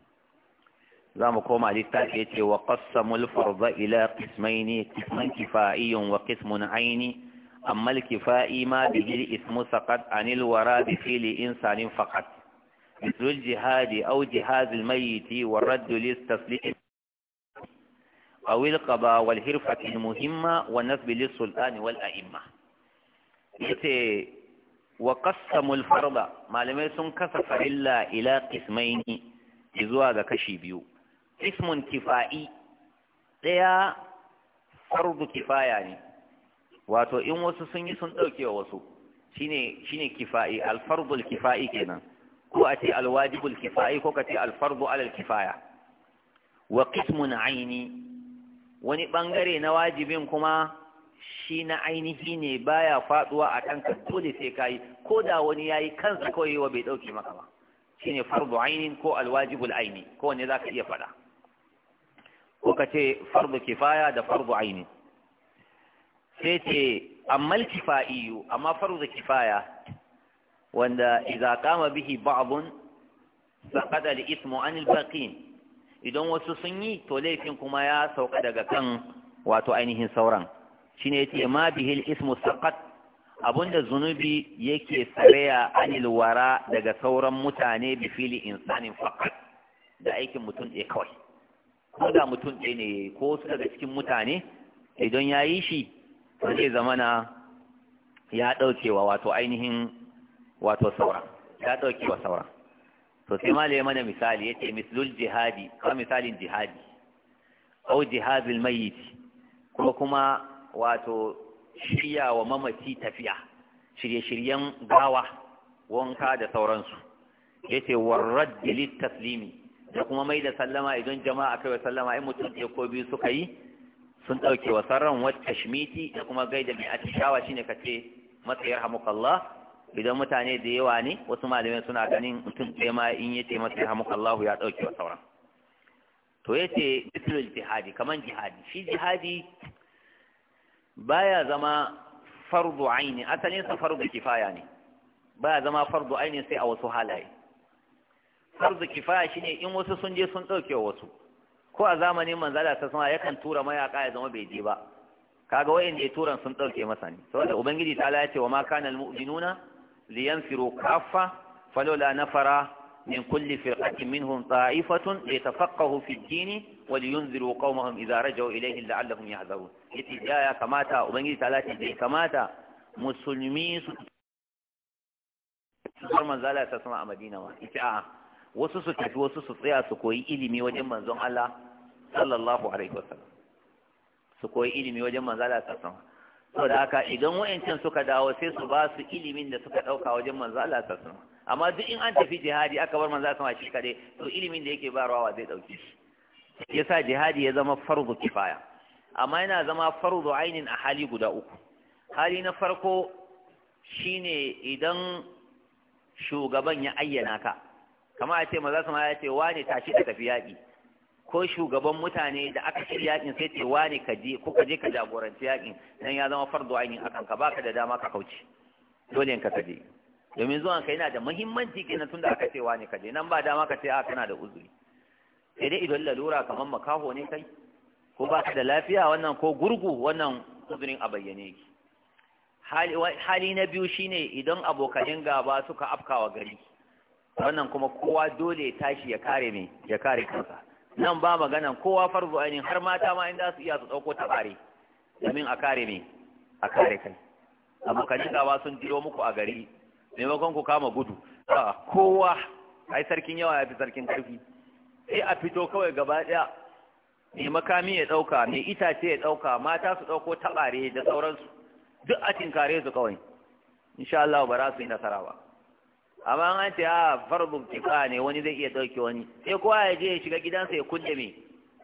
za mu koma littafi ya ce wa qassamul farza ila qismaini qisman kifaiyun wa qismun aini أما الكفائي ما به الإثم سقط عن الورى بفعل إنسان فقط مثل الجهاد أو جهاز الميت والرد للتسليم أو القضاء والحرفة المهمة والنسب للسلطان والأئمة وقسم الفرض ما لم يسن كسف إلا إلى قسمين إذواذ كشيبيو قسم كفائي ليا فرض كفاية يعني wato in wasu sun yi sun ɗauke wa wasu Shi ne kifa'i alfardul kifa'i kenan ko a ce alwajibul kifa'i ko ka ce alfardu alal kifaya wa qismun aini wani bangare na wajibin kuma shi na ainihi ne baya faduwa a kanka dole sai yi, ko da wani yayi kansa kawai wa bai ɗauke maka ba ne fardu ainin ko alwajibul aini ko wanne ka iya faɗa. ko ka ce fardu kifaya da fardu aini sai ce amma kifa'iyu amma da kifaya wanda idza qama bihi ba'dun faqad al-ithmu an al idan wasu sun yi to laifin kuma ya sauka daga kan wato ainihin sauran shine yace ma bihil sakat saqat abunda zunubi yake saraya anil wara daga sauran mutane bi fili insanin faqat da aikin mutum ɗaya kawai ko da mutum ɗaya ne ko su daga cikin mutane idan ya yi shi Wani zai zamana ya wa wato ainihin wato saura ya ɗaukewa saura to sai malaye mana misali yace mislul jihadi ko misalin jihadi au jihazil mayyit ko kuma wato shirya wa mamaci tafiya shirye-shiryen gawa wanka da sauransu yace warrad taslimi da kuma mai da sallama idan jama'a kai sallama ai mutum ko biyu suka yi sun ɗauke wa sarran wata shmiti da kuma gaida mai atishawa shine ka ce masa yarhamukallah idan mutane da yawa ne wasu malamai suna ganin mutum ɗaya ma in ya ce masa yarhamukallah ya ɗauke wa sauran to ya ce bitrul jihadi kamar jihadi shi jihadi baya zama fardu aini asalin sa fardu kifaya ne baya zama fardu aini sai a wasu halaye fardu kifaya shine in wasu sun je sun ɗauke wa wasu ko a zamanin manzala ta sama yakan tura mayaka ya zama bai je ba kaga wayan da turan sun dauke masa ne saboda ubangiji ta ya ce wa ma kana almu'minuna liyanfiru kaffa falawla nafara min kulli firqatin minhum ta'ifatun litafaqahu fi ad-din wa liyunziru qaumahum idza raja'u ilayhi la'allahum yahzarun yace ya kamata ubangiji ta ce bai kamata musulmi su bar manzala ta sama a Madina ma ita? a'a wasu su tafi wasu su tsaya su koyi ilimi wajen manzon Allah sallallahu alaihi wasallam su koyi ilimi wajen manzon Allah sallallahu alaihi saboda haka idan wayancin suka dawo sai su ba su ilimin da suka dauka wajen manzon Allah sallallahu alaihi wasallam amma duk in an tafi jihadi aka bar manzon Allah shi kade to ilimin da yake bayarwa zai dauke shi yasa jihadi ya zama farzu kifaya amma yana zama farzu ainin a hali guda uku hali na farko shine idan shugaban ya ayyana ka kama a ce maza su ma ya ce wane tashi da tafi yaƙi ko shugaban mutane da aka shirya yaƙin sai ce wane ka je ko ka je ka jagoranci yakin nan ya zama fardu ainin akan ka baka da dama ka kauce dole ka kaje domin zuwan ka yana da muhimmanci kenan tunda aka ce wane ka je nan ba dama ka ce a kana da uzuri sai dai idan lalura kamar makaho ne kai ko ba da lafiya wannan ko gurgu wannan uzurin a bayyane ki hali na biyu shine idan abokanin gaba suka afkawa gari wannan kuma kowa dole tashi ya kare me ya kare kansa nan ba magana kowa farzu ainihin har mata ma inda su iya su dauko tabare domin a kare me a kare kai abokan dawa sun jiro muku a gari maimakon ku kama gudu kowa ai sarkin yawa ya fi sarkin karfi sai a fito kawai gaba daya mai makami ya dauka mai itace ya dauka mata su dauko tabare da sauransu duk a tinkare su kawai insha Allah ba za su yi nasara ba amma an ce a ah, farbu tika ne wani zai iya ɗauke wani sai kowa ya je ya shiga gidansa ya kulle me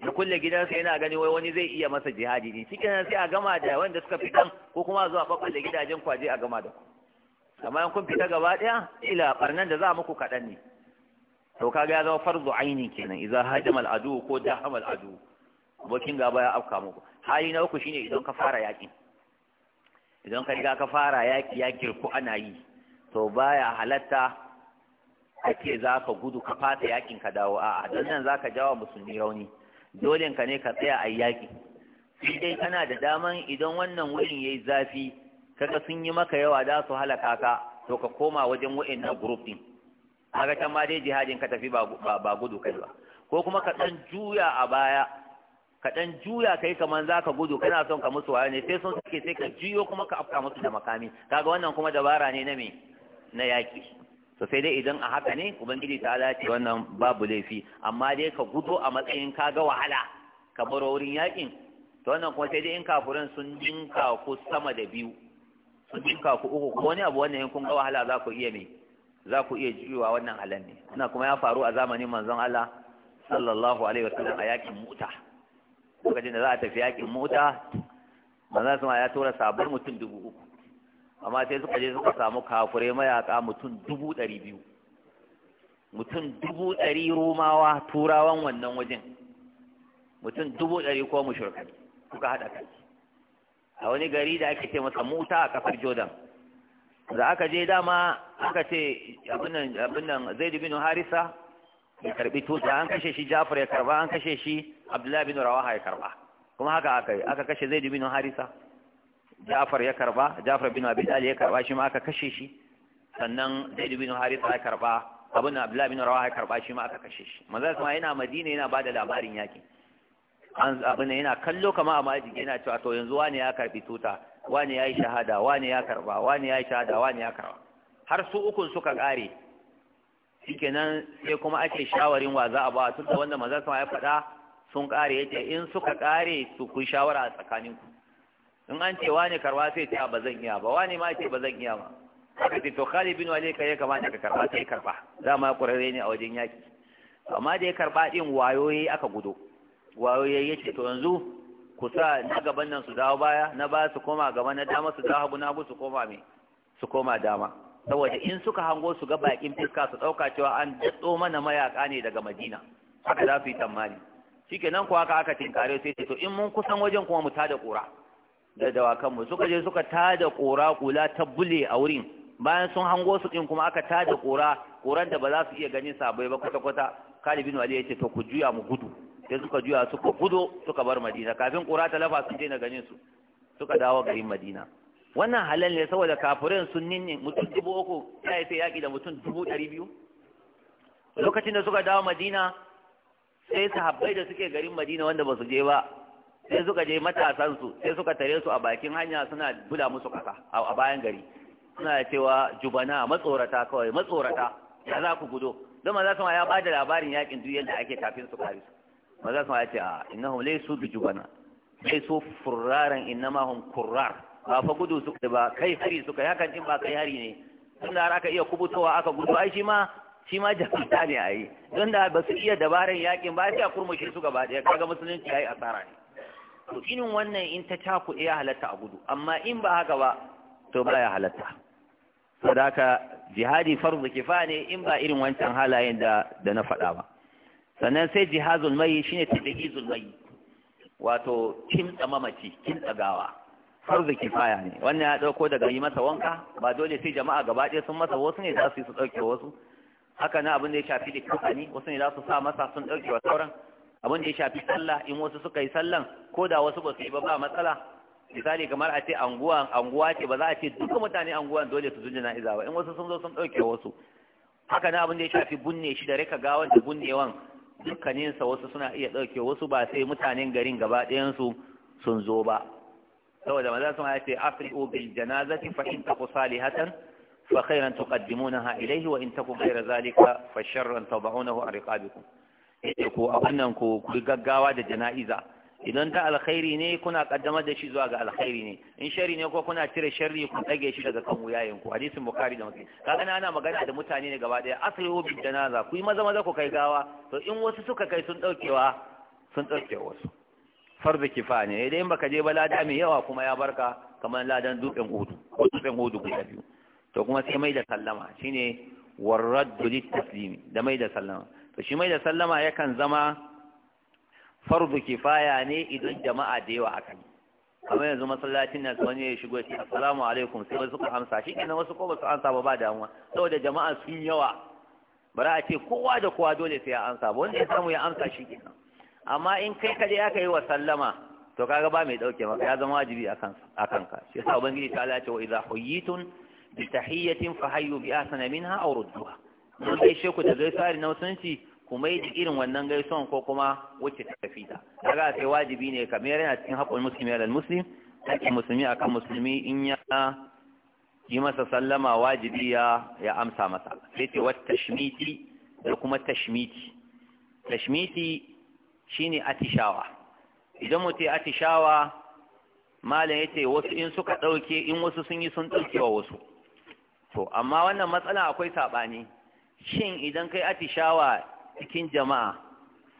ya kulle gidansa yana gani wai wani zai iya masa jihadi ne cikin sai a gama da wanda suka fitan ko kuma zuwa babballe gidajen kwaje a gama da ku amma in kun fita gaba ɗaya ila barnan da za muku kaɗan ne to kaga ya zama farzu aini kenan idza hajama al'adu ko dahama al'adu abokin gaba ya afka muku hali na uku shine idan ka fara yaƙi idan ka riga ka fara yaƙi ya kirku ana yi to baya halatta ake za ka gudu ka fata yakin ka dawo a'a don nan za ka jawa musulmi rauni dole ka ne ka tsaya a yaƙi. sai dai kana da daman idan wannan wurin ya yi zafi kaga sun yi maka yawa za su halaka ka to ka koma wajen wa'annan group din kaga can ma dai jihadin ka tafi ba gudu kai ba ko kuma ka dan juya a baya ka ɗan juya kai kaman za ka gudu kana son ka musu waye ne sai sun suke sai ka juyo kuma ka afka musu da makami kaga wannan kuma dabara ne na me na yaƙi to sai dai idan a haka ne ubangiji ta ce wannan babu laifi amma dai ka gudo a matsayin ka ga wahala ka bar wurin yaƙin to wannan kuma sai dai in kafuran sun jinka ku sama da biyu sun jinka ku uku ko wani abu wannan in kun ga wahala za ku iya me za ku iya juyowa wannan halan ne wannan kuma ya faru a zamanin manzon Allah sallallahu alaihi wasallam a yaƙin mota lokacin da za a tafi yaƙin mota manzon ma ya tura sabon mutum dubu uku amma sai suka je suka samu kafure mayaka mutum dubu ɗari biyu mutum dubu ɗari romawa turawan wannan wajen mutum dubu ɗari ko mushrikai suka haɗa kai a wani gari da ake ce masa muta a ƙasar jordan da aka je dama aka ce abin nan zai bin harisa ya karbi tuta an kashe shi jafar ya karba an kashe shi abdullahi bin rawaha ya karba kuma haka aka aka kashe zai bin harisa Ja'far ya karba Ja'far bin Abi Dali ya karba shi ma aka kashe shi sannan Zaid bin Haritha ya karba Abu Abdullah bin Rawaha ya karba shi ma aka kashe shi manzo ma yana Madina yana bada labarin yaki an ne yana kallo kama a maji yana cewa to yanzu wani ya karbi tuta wani ya yi shahada wani ya karba wani ya yi shahada wani ya karba har su ukun suka kare shikenan sai kuma ake shawarin wa za a ba tunda wanda manzo Allah ya faɗa sun kare yace in suka kare su ku shawara a tsakaninku in an ce wani karwa sai ce ba zan iya ba wani ma ce ba zan iya ba haka ce to Khalid bin Walid kai kama kamata ka karba sai karba Za ma kurare ne a wajen yaki amma da ya karba din wayoyi aka gudo wayoyi yace to yanzu ku sa na gaban nan su dawo baya na ba su koma gaba na dama su dawo na hagu su koma me su koma dama saboda in suka hango su ga bakin fiska su dauka cewa an datso mana mayaka ne daga Madina haka za su yi tamani shikenan ko haka aka tinkare sai to in mun kusan wajen kuma mu tada kura da dawakanmu suka je suka tada kora kula ta bule a wurin bayan sun hango su ɗin kuma aka tada kora koran da ba za su iya ganin sabai ba kwata-kwata kalibin wali ya ce to ku juya mu gudu sai suka juya suka gudu suka bar madina kafin kora ta lafa sun daina ganin su suka dawo garin madina wannan halal ne saboda kafirin sun ninne mutum dubu uku ya yi sai yaƙi da mutum dubu ɗari biyu lokacin da suka dawo madina sai sahabbai da suke garin madina wanda ba su je ba sai suka je matasansu sai suka tare su a bakin hanya suna bula musu kasa a bayan gari suna cewa jubana matsorata kawai matsorata ya za ku gudo don maza sama ya bada labarin yakin duk yadda ake kafin su kare su maza sama ya ce a ah, inna hum laysu bi jubana laysu furraran hum kurrar ba fa gudu suka ba kai hari suka ya kan ba kai hari ne Tun da aka iya kubutowa aka gudu ai shi ma shi ma jahilta ne ayi. don da ba su iya dabarar yakin ba sai a kurmushe su gaba daya kaga musulunci yayi asara ne to irin wannan in ta cakuɗe eh, ya halatta a gudu amma in ba haka ba to ba ya halatta sadaka jihadi farz kifa ne in ba irin wancan halayen da da na faɗa ba sannan sai jihazul mai shine tabiyizul mai wato tsama mamaci kin gawa farz kifaya ne wannan ya dauko daga yi masa wanka ba dole sai jama'a gaba ɗaya sun masa wasu ne za su yi su dauke wasu haka na abin da ya shafi da kuka wasu ne za su sa masa sun dauke wa sauran abin da ya shafi sallah in wasu suka yi sallan ko da wasu ba su yi ba ba matsala misali kamar a ce anguwa anguwa ce ba za a ce duka mutane anguwan dole su zujina iza ba in wasu sun zo sun ɗauke wasu haka na abin da ya shafi bunne shi da rika gawan da bunnewan dukkaninsa wasu suna iya dauke wasu ba sai mutanen garin gaba ɗayansu sun zo ba saboda maza sun ce afri'u bil janazati fa in taku salihatan fa khairan tuqaddimunaha ilayhi wa in taku ghayra zalika fa sharran tad'unahu an riqabikum ko a wannan ko ku gaggawa da jana'iza idan ta alkhairi ne kuna kaddamar da shi zuwa ga alkhairi ne in shari ne ko kuna cire sharri ku dage shi daga kan wuyayen ku hadisin bukhari da muslim kaga na ana magana da mutane ne gaba daya aslihu bil janaza ku yi maza maza ku kai gawa to in wasu suka kai sun daukewa sun dauke wasu farz kifaya ne idan baka je ba lada mai yawa kuma ya barka kamar ladan dutsen hudu ko dutsen hudu guda biyu to kuma sai mai da sallama shine warraddu lit taslimi da mai da sallama to shi mai da sallama yakan zama fardu kifaya ne idan jama'a da yawa akan kamar yanzu masallacin nan wani ya shigo shi assalamu alaikum sai wasu kuma amsa shi kenan wasu ko su amsa ba ba damuwa saboda jama'a sun yawa bara a ce kowa da kowa dole sai ya amsa ba wanda ya samu ya amsa shi kenan amma in kai kaje aka yi wa sallama to kaga ba mai dauke maka ya zama wajibi akan ka. shi yasa ubangiji ta Allah ce wa idza huyitun bi tahiyatin fa hayyu bi ahsana minha aw rudduha mun dai sheku da zai tsari na wasanci kuma yi irin wannan gaisuwan ko kuma wacce ta tafi ta daga sai wajibi ne kamar yana cikin haƙƙin musulmi da muslim haƙƙin musulmi akan musulmi in ya yi masa sallama wajibi ya ya amsa masa sai ce wata tashmiti da kuma tashmiti tashmiti shine atishawa idan mutum ya atishawa malam yace wasu in suka ɗauke in wasu sun yi sun ɗauke wa wasu to amma wannan matsala akwai saɓani shin idan kai atishawa cikin jama'a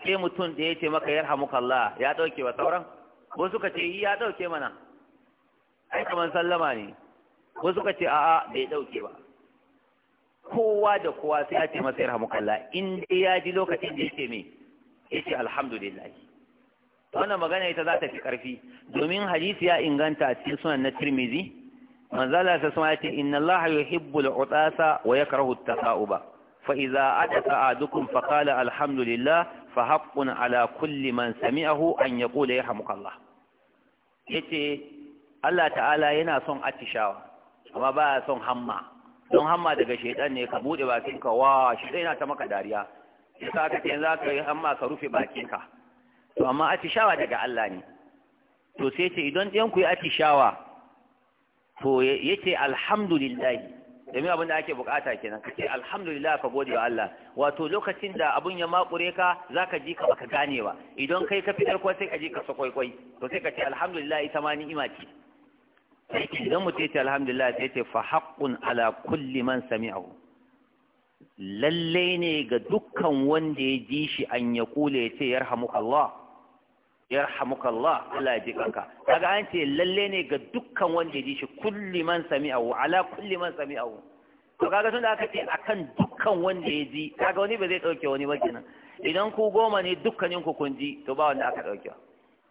sai mutum da ya ce maka 'yar yarhamukallah ya ɗauke wa sauran ko suka ce ya ɗauke mana ai kaman sallama ne ko suka ce a'a bai ɗauke ba kowa da kowa sai ya ce masa yarhamukallah in dai ya ji lokacin da ya ce me ce alhamdulillah wannan magana ita za ta fi karfi domin hadisi ya inganta a cikin sunan na tirmizi manzala sa sama ce inna allaha yuhibbul utasa wa yakrahu at-tasa'uba فإذا عدت أعدكم فقال الحمد لله فحق على كل من سمعه أن يقول يرحمك الله yace Allah ta'ala yana son attishawa amma ba son hamma don hamma daga shaidan ne ka bude bakinka wa shaidan yana ta maka dariya yasa ka ce za ka yi hamma ka rufe bakinka to amma attishawa daga Allah ne to sai ce idan ɗan ku yi attishawa to yace alhamdulillahi domin abin da ake bukata kenan kace alhamdulillah ka gode wa Allah wato lokacin da abun ya makure ka zaka ji ka baka gane ba idan kai ka fitar ko sai ka ji ka so kwaikwai, to sai ka ce alhamdulillah ita ma ni'ima ce idan mutum ya ce alhamdulillah sai ce fa haqqun ala kulli man sami'ahu lalle ne ga dukkan wanda ya ji shi an ya kula ya ce Allah. yarhamukallah Allah ya jikanka kaga an ce lalle ne ga dukkan wanda ya ji shi kulli man sami'ahu ala kulli man sami'ahu to kaga tunda aka ce akan dukkan wanda ya ji kaga wani ba zai dauke wani ba kenan idan ku goma ne dukkanin ku kun ji to ba wanda aka dauke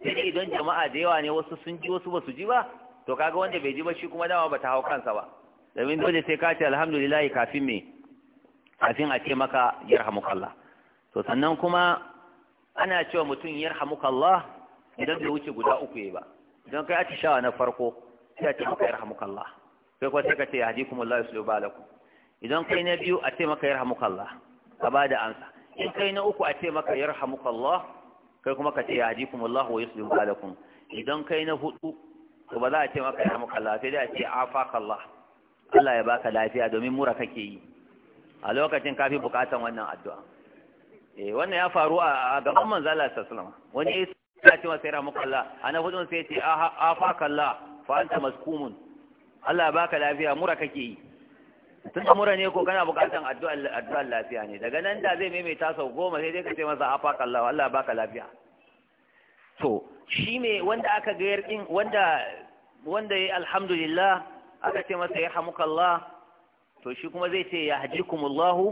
sai dai idan jama'a da yawa ne wasu sun ji wasu ba su ji ba to kaga wanda bai ji ba shi kuma dama ba ta hau kansa ba domin dole sai ka ce alhamdulillah kafin me kafin a ce maka yarhamukallah to sannan kuma ana cewa mutum yarhamukallah idan bai wuce guda uku yayi ba idan kai atishawa na farko sai a ce maka yarhamukallah kai kuma sai ka ce yahdikumullahu yuslihu balakum idan kai na biyu a ce maka yarhamukallah ka da amsa in kai na uku a ce maka yarhamukallah kai kuma ka ce yahdikumullahu wa yuslihu balakum idan kai na hudu to ba za a ce maka yarhamukallah sai dai a ce afakallah Allah ya baka lafiya domin mura kake yi a lokacin kafi bukatan wannan addu'a eh wannan ya faru a gaban manzo Allah sallallahu alaihi wasallam wani ya ce sai ramu Allah ana hudun sai ce a fa kallah fa anta maskumun Allah ya baka lafiya mura kake yi tun da mura ne ko kana bukatan addu'a lafiya ne daga nan da zai maimaita sau goma sai dai ka ce masa a fa kallah Allah ya baka lafiya to shi ne wanda aka ga yarkin wanda wanda yayi alhamdulillah aka ce masa ya Allah to shi kuma zai ce ya hajikumullahu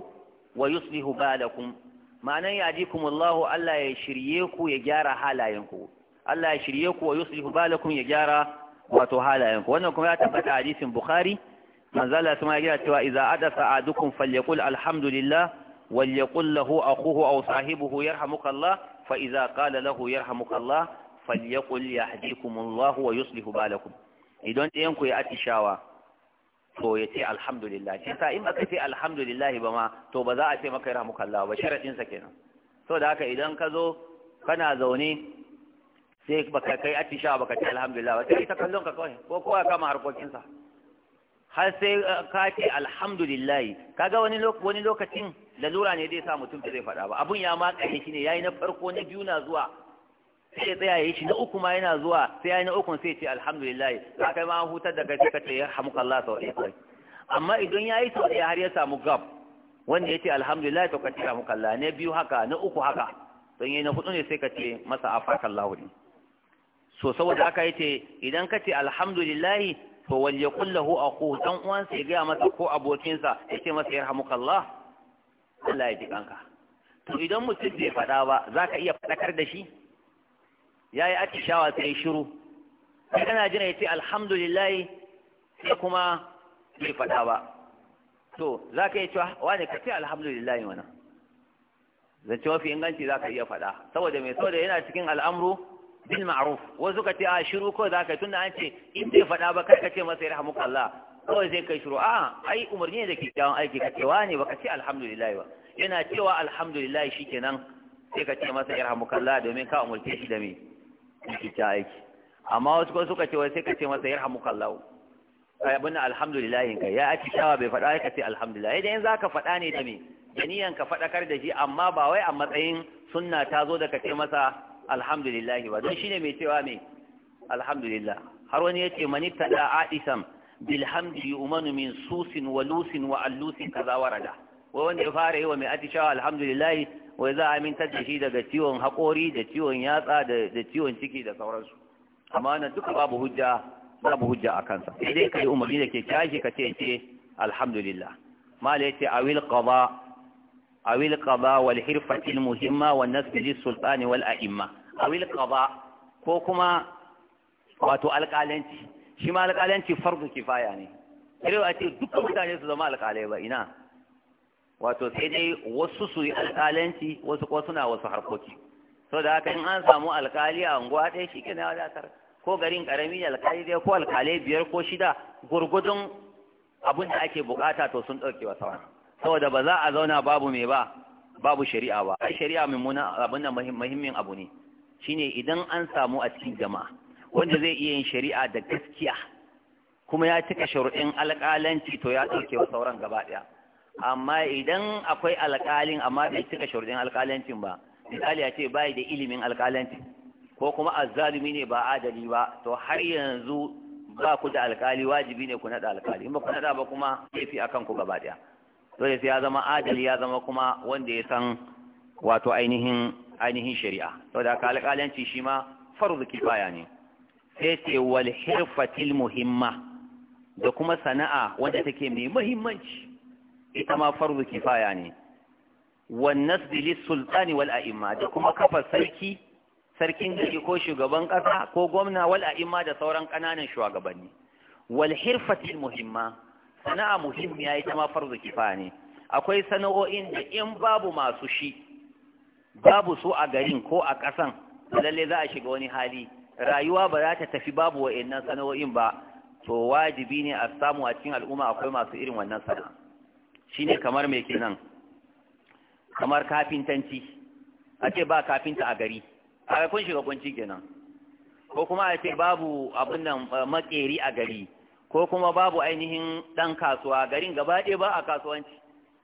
wa yuslihu balakum ma'anan ya ji Allah ya shirye ku ya gyara halayenku Allah ya shirye ku wa yuslihu balakum ya gyara wato halayenku wannan kuma ya tabbata hadisin bukhari manzala kuma ya gina cewa iza ada adukum falyakul alhamdulillah walyaqul lahu akhuhu aw sahibuhu yarhamukallah fa idza qala lahu yarhamukallah falyaqul yahdikumullahu wa yuslihu balakum idan ɗayan ku ya atishawa to ya ce alhamdulillah shi sa in baka ce alhamdulillah ba ma to ba za a ce maka rahmukallah ba sharadin sa kenan da haka idan ka zo kana zaune sai baka kai atisha baka ce alhamdulillah ba sai ka kallon ka kawai ko kowa kama harkokin sa har sai eh, ka ce alhamdulillah kaga wani wani lokacin lalura ne zai sa mutum zai faɗa ba abun ya ma kai shi ne yayi na farko na biyu na zuwa sai tsaya ya yi shi na uku ma yana zuwa sai ya yi na uku sai ce alhamdulillah za ka yi ma hutar da kai kace ce ya hamu Allah sau ɗaya kawai amma idan ya yi sau ɗaya har ya samu gab wanda ya ce alhamdulillah to ka ce hamu Allah na biyu haka na uku haka don yi na hudu ne sai ka ce masa a Allah ne so saboda haka ya ce idan ka ce alhamdulillah to walya kullahu aku dan uwansa ya gaya masa ko abokinsa ya ce masa ya hamu Allah Allah ya ji kanka to idan mutum bai faɗa ba za ka iya faɗakar da shi ya yi atishawa sai shiru sai kana jin ya ce alhamdulillah sai kuma bai faɗa ba to za ka iya cewa wane ka ce alhamdulillah mana zance mafi inganci za ka iya faɗa saboda mai saboda yana cikin al'amru bil ma'ruf wasu ka ce a shiru ko za ka yi tunda an ce in bai faɗa ba kai ka ce masa yarhamuka Allah kawai zai kai shiru a ai umarni ne da kyawun aiki ka ce wane ka ce alhamdulillah ba yana cewa alhamdulillah shikenan sai ka ce masa yarhamuka Allah domin ka umarce shi da me ta aiki amma wasu kuma suka ce wai sai ka ce masa yarhamuka Allah abin alhamdulillah ka ya aiki shawa bai faɗa ka ce alhamdulillah idan za faɗa ne da me da ka faɗakar da shi amma ba wai a matsayin sunna ta zo da ka ce masa alhamdulillah ba don shine mai cewa me alhamdulillah har wani yace mani tada adisam bilhamdi yu'manu min susin wa lusin wa allusin kaza warada wai wanda ya fara yi wa mai atishawa alhamdulillah wai za a amintar da shi daga ciwon haƙori da ciwon yatsa da ciwon ciki da sauransu amma na duka babu hujja babu hujja a kansa sai dai kai umarni da ke kyashi ka ce ce eh, alhamdulillah mala ce awil qada awil qada wal hirfati al muhimma wan nasb Sultani sultan wal a'imma awil qada ko kuma wato alƙalanci shi ma alƙalanci fardu kifaya ne irin a ce duka mutane su zama alƙalai ba ina wato sai dai wasu su yi alƙalanci wasu ko suna wasu harkoki so da haka in an samu alkali a unguwa ɗaya shi ke na wadatar ko garin ƙarami ne alƙali ko alkali biyar ko shida gurgudun abin da ake buƙata to sun ɗauke wasu wani saboda ba za a zauna babu mai ba babu shari'a ba ai shari'a mummuna abin da muhimmin abu ne shine idan an samu a cikin jama'a wanda zai iya yin shari'a da gaskiya kuma ya cika shari'in alkalanci to ya ɗauke wa sauran gaba ɗaya amma idan akwai alƙalin amma bai cika shurdin alƙalancin ba misali ya ce bai da ilimin alƙalancin ko kuma azzalumi ne ba adali ba to har yanzu ba ku da alƙali wajibi ne ku naɗa alƙali in ba ku naɗa ba kuma laifi akan ku gaba ɗaya dole sai ya zama adali ya zama kuma wanda ya san wato ainihin ainihin shari'a da ka alƙalanci shi ma farz kifaya ne sai ce wal hirfatil muhimma da kuma sana'a wanda take mai muhimmanci ita ma farzu kifaya ne wan nasbi sultani wal a'imma da kuma kafa sarki sarkin gari ko shugaban kasa ko gwamna wal a'imma da sauran kananan shugabanni wal hirfati muhimma sana'a muhimmiya ita ma farzu kifaya ne akwai sana'o'in da in babu masu shi babu su a garin ko a kasan lalle za a shiga wani hali rayuwa ba za ta tafi babu nan sana'o'in ba to wajibi ne a samu a cikin al'umma akwai masu irin wannan sana'a shine kamar me kenan kamar kafintanci a ce ba kafinta a gari a kun shiga kunci kenan ko kuma a ce babu abin nan eh, makeri a gari ko kuma babu ainihin dan kasuwa garin gaba ɗaya ba a kasuwanci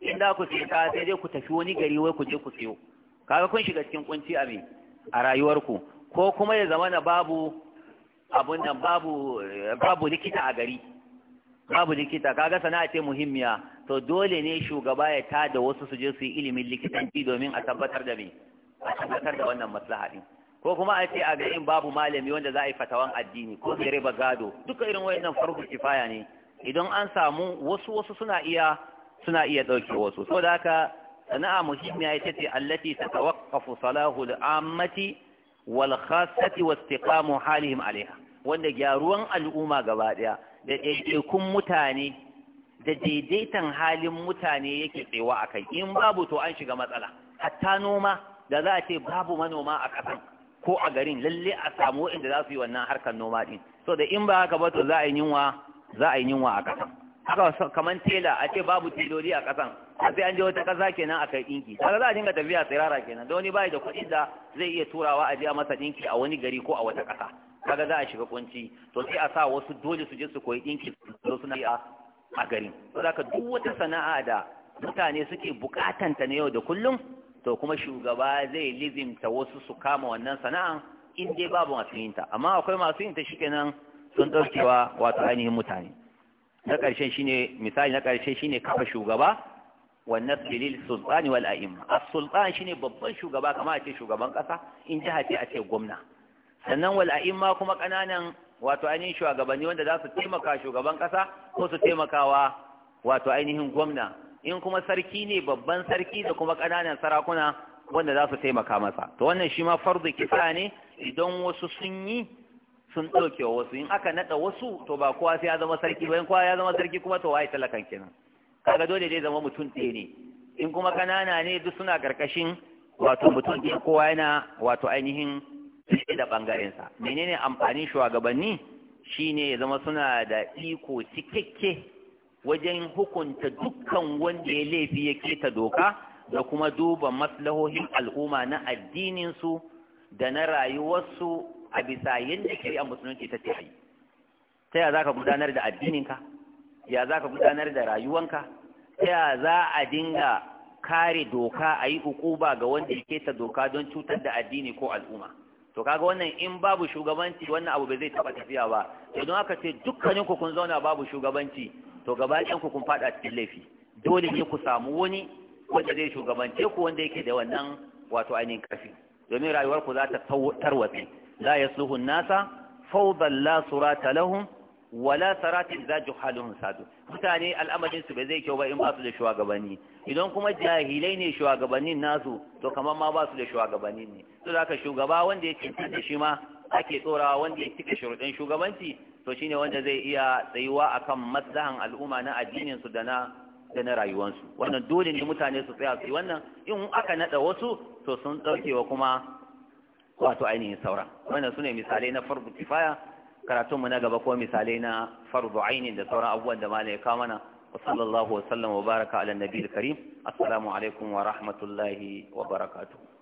in da ku sai ka sai dai ku tafi wani gari wai ku je ku siyo kaga kun shiga cikin kunci a me a rayuwarku ko kuma ya zama na babu abun nan babu eh, babu likita a gari babu likita kaga sana'a ce muhimmiya to dole ne shugaba ya tada wasu su je su yi ilimin likitanci domin a tabbatar da me a tabbatar da wannan maslaha din ko kuma a ce a garin babu malami wanda za a yi fatawan addini ko zai gado duka irin wayannan farko kifaya ne idan an samu wasu wasu suna iya suna iya dauke wasu saboda haka sana'a muhimmiya ita ce allati tatawaqqafu salahu al-ammati wal khassati wa istiqamu halihim alaiha wanda gyaruwan al'umma gaba daya da ɗaiɗaikun mutane da daidaitan halin mutane yake tsewa a kai in babu to an shiga matsala hatta noma da za a ce babu manoma a ƙasan ko a garin lalle a samu inda za su yi wannan harkar noma din so da in ba haka ba to za a yi yunwa za a yi yunwa a ƙasan haka kamar tela a ce babu tilori a ƙasan a sai an je wata ƙasa kenan a kai ɗinki kaga za a dinga tafiya tsirara kenan da wani bai da kuɗi da zai iya turawa a je a masa ɗinki a wani gari ko a wata ƙasa kaga za a shiga kunci to sai a sa wasu dole su je su koyi dinki su suna yi a garin to zaka duk wata sana'a da mutane suke bukatan ta na yau da kullum to kuma shugaba zai lizimta wasu su kama wannan sana'a in dai babu masu yin ta amma akwai masu yin ta shikenan sun daukewa wato ainihin mutane na ƙarshen shine misali na ƙarshe shine kafa shugaba wannan dalil sultani wal a'imma as-sultan shine babban shugaba kamar a ce shugaban ƙasa in jiha ce a ce gwamna sannan wal a'imma kuma ƙananan wato ainihin shugabanni wanda za su taimaka shugaban ƙasa ko su taimakawa wato ainihin gwamna in kuma sarki ne babban sarki da kuma ƙananan sarakuna wanda za su taimaka masa to wannan shi ma farzu kisa ne idan wasu sun yi sun ɗauke wasu in aka naɗa wasu to ba kowa sai ya zama sarki ba in kowa ya zama sarki kuma to waye talakan kenan kaga dole dai zama mutum ɗaya ne in kuma ƙanana ne duk suna ƙarƙashin wato mutum ɗaya kowa yana wato ainihin da ɓangarensa menene amfanin shugabanni shine ya zama suna da iko cikakke wajen hukunta dukkan wanda ya laifi ya keta doka da kuma duba maslahohin al'umma na addininsu da na rayuwarsu a bisa yadda shari'a musulunci ta tafi ta ya za ka gudanar da addininka ya za ka gudanar da rayuwanka ta ya za a dinga kare doka a yi hukuba ga wanda ya keta doka don cutar da addini ko al'umma to kaga wannan in babu shugabanci wannan abu bai zai taba tafiya ba to don haka ce dukkanin ku kun zauna babu shugabanci to gaba ɗayan ku kun faɗa cikin laifi dole ne ku samu wani wanda zai shugabance ku wanda yake da wannan wato ainihin ƙarfi? domin rayuwar ku za ta tarwatsi la yasluhu nasa fawdan la surata lahum wala sarati za juhalun sadu mutane al'amarin su bai zai kyau ba in ba su da shugabanni idan kuma jahilai ne shugabannin nasu to kamar ma ba su da shugabannin ne to zaka shugaba wanda ya cinta da shi ma ake tsorawa wanda ya cika shuruɗin shugabanci to shine wanda zai iya tsayuwa akan maslahan al'umma na addinin su da na da na rayuwansu wannan dole ne mutane su tsaya su wannan in aka naɗa wasu to sun daukewa kuma wato ainihin sauran wannan sune misalai na farbu faya. mu na gaba ko misalai na fardu ainin da sauran abubuwan da malai ya kawo mana wa sallallahu wa sallam wa baraka ala nabiyil karim assalamu alaikum wa rahmatullahi wa barakatuh